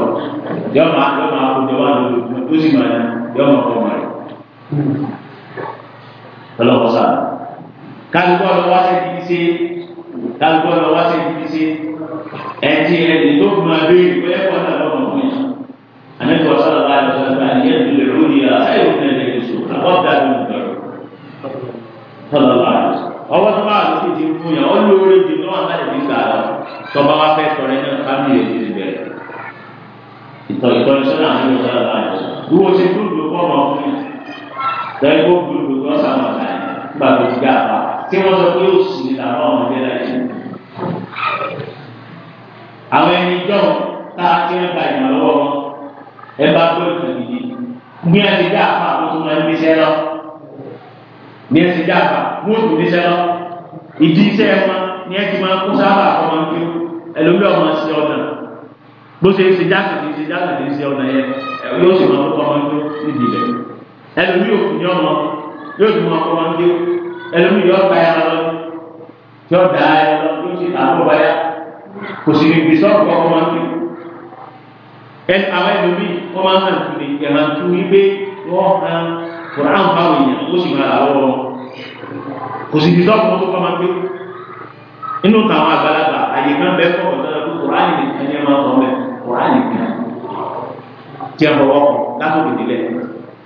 yọ máa yọ máa kó jọ wà lórí ìlú tó sì máa yọ máa kọ máa rẹ. ọlọ́kọ sáà kálukọ́ lọ wá sí ibi ṣe kálukọ́ lọ wá sí ibi ṣe ẹtì ẹni tó fún ma bí ìgbẹ́ ẹ̀kọ́ náà lọ́wọ́ fún yẹn. àníkọ́ sọ̀rọ̀ bá yọ sọ̀rọ̀ bá yẹn lórí ìlú yà ẹ̀yọ̀ fún ẹ̀ ọwọ́ tó bá àlùkò ti fún yàn ó lórí ju tó wà láti fi gbà lọ tọba wa fẹ́ tọrẹ náà fámìlì èyí ti bẹ̀rẹ̀ ìtọ̀ ìtọ́nisọ́nà àti ìwọ̀n sára láàyè bí wọ́n ṣe dúró dúró fọ́ọ̀mù ọkùnrin lẹ́yìn kó dúró dúró lọ́sà màkà nígbà tó ti gbà pa tí wọ́n sọ pé ó sì ní làwọn ọmọdé láyé àwọn ẹni jọ̀ọ́ tá a ti ń gba ìmọ̀ ẹ bá gbọ́ ìtàn ní ẹ ti dàgbà wọn ò tún ní sẹ́lọ́ ìdí iṣẹ́ wọn ní ẹ ti máa kó sábà kọ́ máa ń kí ẹlòmíì ọmọ sí ọ̀nà bó ṣe ṣe jáde ní ṣe jáde ní ṣe ọ̀nà yẹn yóò sì máa kọ́ máa ń kí níbi ibẹ̀ ẹlòmíì òkú ní ọmọ yóò tún máa kọ́ máa ń kí yóò gba ẹran lọ yóò dá ẹran lọ yóò sì tààbọ̀ báyà kò sì ní kòrán báwọn èèyàn ó sì máa làwọ́ wọn kò sì fi dọ́kùn tó kọ́ máa gbé inú tàwọn àgbàlagbà àyè kan bẹ́ẹ̀ kọ́ ọ̀dọ́dọ́ tó kòrán nìkan ní ẹ̀ máa tọ́ mẹ́ kòrán nìkan tí a bọ̀ wọ́pọ̀ lásòkè nílẹ̀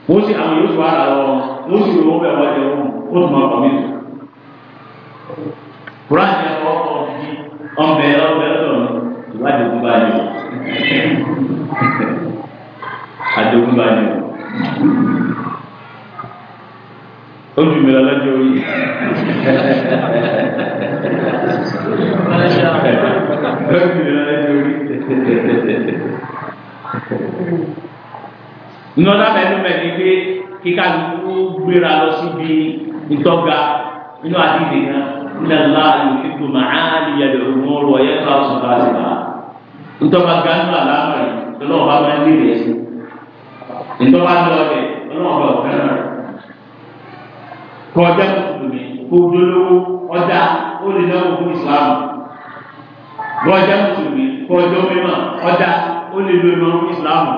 wọ́n sì àwọn yóò sọ ara lọ wọ́n sì wọ́n bẹ̀ wọ́n jẹ wọ́n tún máa pọ̀ mí. kòrán yẹn kọ́ ọkọ̀ yìí ọ̀bẹ ọ̀bẹ ọ̀dọ̀ ìwádìí ogun bá yọ àdógún bá yọ ó jù mí lọ́jọ́ orí. ó jù mí lọ pé kíkà ló gbéra lọ síbi ìtọ́ga nínú àdìdì náà nílẹ̀ ńlá ìlú màálì yẹ̀dọ̀ ọ̀gbọ́n rọ̀ yẹ ká ọ̀sùn bá ti bá ntọ́ba gánú àlámọ̀ yìí lọ́wọ́ máa ń lé rẹ̀ sí ntọ́ba lọ́ọ̀dẹ̀ lọ́wọ́ bá ọ̀gá náà kọjá mùsùlùmí kó dolówó ọjà ó lè náwó fún ìsìlámù kọjá mùsùlùmí kọjọ mímọ ọjà ó lè lo ìmọ̀ fún ìsìlámù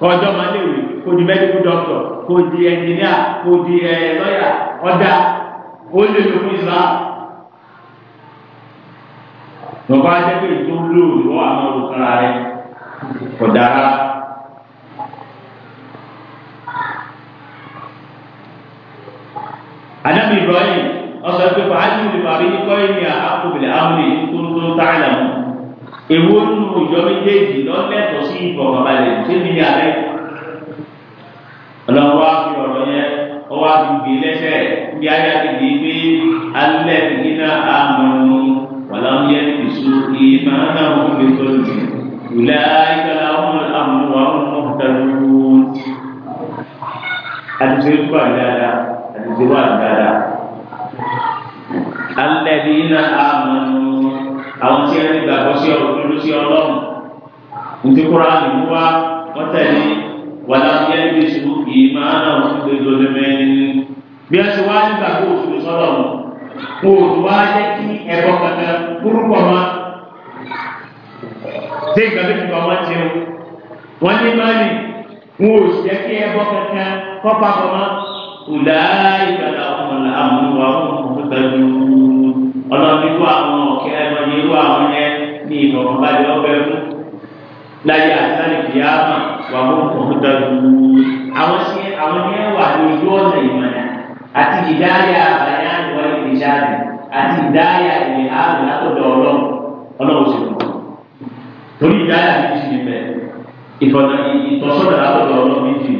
kọjọ mọlẹwì kó di mẹdíkù dọkítọ kó di ẹnjìníà kó ẹ lọ́yà ọjà ó lè lo fún ìsìlámù lọ́ba jẹ́ pé ètò àwọn olùkọ́ra rẹ̀ kọ̀dára. anabi ibrahim ọsọ pé fàájì olùbàbí kọ́ ẹ̀yìn àkọbìlẹ̀ amúlẹ̀ kúrúkúrú táyà mọ́ èwo nínú ìjọ méjèèjì lọ́lẹ́tọ̀ sí ìfọ̀kànbalẹ̀ tí mi yà rẹ̀ ọlọ́wọ́ á fi ọ̀rọ̀ yẹn ọwọ́ á fi gbé lẹ́sẹ̀ bí ayé àgbègbè pé alẹ́ nínú àmọ́nù wàlámúyẹ́ ìṣó ìmọ̀ náà wọ́n fi tó lù wùlẹ̀ ayélujára wọn àmọ́ wọn ìṣèlú àgbàdà. alẹ́bí iná àmọ́nù àwọn tí wọ́n ti gbàgbọ́ sí ọlọ́run sí ọlọ́run ntukura àdìmú wa wọ́n tẹ̀lé wàlá yẹ́n bí sùn yìí máa ń àwọn tó dodo lẹ́mẹ́rin bí wọ́n ti wá nígbà tó oṣù sọ́dọ̀ kó o wá jẹ́ kí ẹ̀kọ́ kankan kúrúkọ ma tí nǹkan tó fi kọ́ ti wọ́n ní mọ́ni wọn ò sì jẹ́ kí ẹ̀kọ́ kankan kọ́ pa kọ́ ma. أولئك لهم الأمن وهم مهتدون ọlọ́run irú àwọn ọ̀kẹ́ ẹ̀rọ irú àwọn yẹn ní ìbọ̀wọ̀n bá yọ ọbẹ̀ mú láyé àtàlẹ̀ ìyáàmà wà mú òun dàrú àwọn sí àwọn yẹn wà ní ojú ọ̀nà ìmọ̀nà àti ìdáyà àbáyá ìwà ìdíjáde àti ìdáyà ìwé ààrùn látọ̀dọ̀ ọlọ́run ọlọ́run sì mọ̀ torí ìdáyà méjì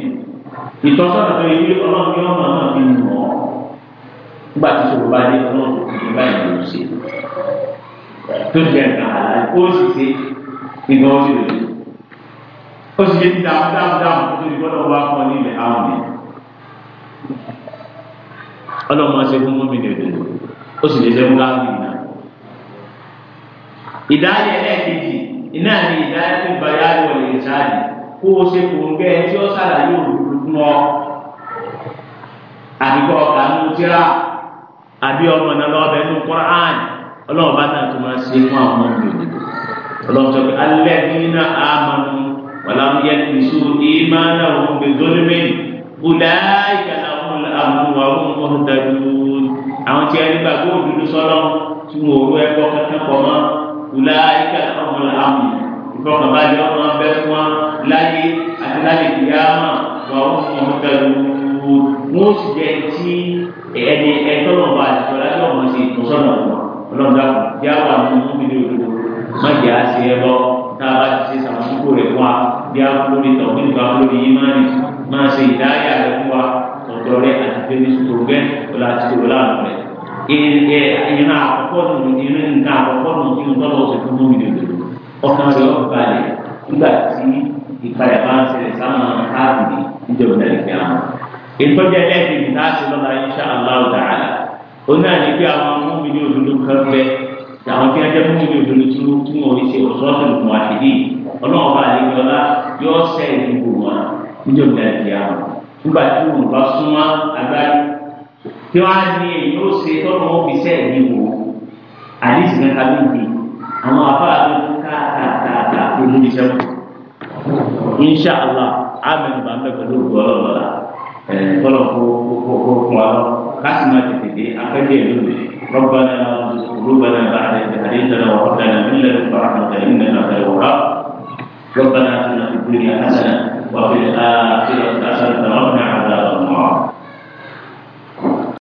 ìtọ́sọ́nà tó yẹ ọlọ́run ní ọmọ náà fi mọ̀ ọ́ nígbà tí sọ̀rọ̀ bá dé ọlọ́run tó kìí báyìí ló ṣe tó jẹ gàlá ó sì ṣe ìgbà ó sì lè ó sì yé dáhùn dáhùn dáhùn tó ti gbọ́dọ̀ wá fún ọ ní ilẹ̀ àwọn mi ọlọ́run máa ṣe fún mọ́mí nìyẹn ó sì lè ṣe fún láàmì náà ìdáyẹ ẹlẹ́ẹ̀kejì iná ni ìdáyẹ tó gbayá wọlé ìsáàdì kó o ṣe kò ń gẹ́ ẹ fún ọ àbíkọ ọkà ń tíra àbí ọmọ náà lọ́bẹ̀ ní Qur'an ọlọ́run bá náà tó máa ṣe fún àwọn ọmọ òbí ọlọ́run sọ pé alẹ́ nínú àmọ́nù wàlámù yẹn ti sùn ìmọ̀ náà wọ́n gbẹdọ́ ní mẹ́rin ulaika lahum al-amnu wa hum muhtadun àwọn tí ẹni gbàgbọ́ òdodo sọ́lọ́ tí wọ́n rú ẹgbọ́ kankan pọ̀ mọ́ ulaika lahum al-amnu ìfọ̀nà bá yọ ọmọ abẹ́ wọn láyé àti láyé ìyáàmà wà ó fi wọn pẹ̀lú wọn ó sì jẹ́ tí ẹni ẹjọ́ náà bá àti ọ̀la tí ọmọ sì tó sọ̀nà wọn ọlọ́run dàpọ̀ jẹ́ àwọn àti ọmọ mi lè wò má jẹ́ àṣẹ ẹ lọ tá a bá ti ṣe sàmójúkò rẹ̀ wá bí a kúrò ní tọ̀ nígbà kúrò ní yí máa ní ṣe ìdáyà rẹ̀ fún wa ọ̀dọ̀ rẹ̀ àti pé ní sùkúrò àti kúrò láàrú rẹ̀ ìrìn àkọ́kọ́ nù ìrìn nǹkan àkọ́kọ́ nù kí n tọ́lọ̀ ọ̀sẹ̀ fún mọ́mìnì òdòdó ọkàn rẹ̀ ọ̀ balẹ̀ nígbà tí ìpadà bá ń ṣẹlẹ̀ sáwọn káàdì níjọba ìdàlẹ́kẹ̀ àwọn. ìtọ́jà ẹlẹ́ẹ̀kejì náà lọ́la insha Allah ta'ala ó náà ní pé àwọn múmi ní òdodo kan bẹ àwọn tí wọ́n jẹ́ múmi ní òdodo tí wọ́n tún wọ́n ṣe ọ̀ṣọ́ọ̀tì lùkùn àṣìlì ọlọ́run bá àlejò ọlá yóò ṣẹ́ ìdìbò wọn níjọba ìdàlẹ́kẹ̀ àwọn nígbà tí wọn bá súnmọ́ agbárí tí wọ́n á ní àwọn afárá tó kú káàkàkà kò mú iṣẹ́ kù insha allah amẹnu bá mẹ pẹ̀lú òkú ọlọ́rọ̀ la kọlọ kó kó kó kó wa lọ káàsì máa tètè dé akẹ́kẹ́ ìlú mi rọ́bàlẹ̀ rọ́bàlẹ̀ bàtẹ̀ àdéhùn ọ̀rọ̀dẹ̀ nílẹ̀ ìfọ̀rọ̀dẹ̀ nílẹ̀ ìfọ̀rọ̀dẹ̀ wọ̀rọ̀ rọ́bàlẹ̀ àti nàìjíríà hasanà wà fi àṣà ìtàn ọ̀gbìn àgbà ọ̀gbìn.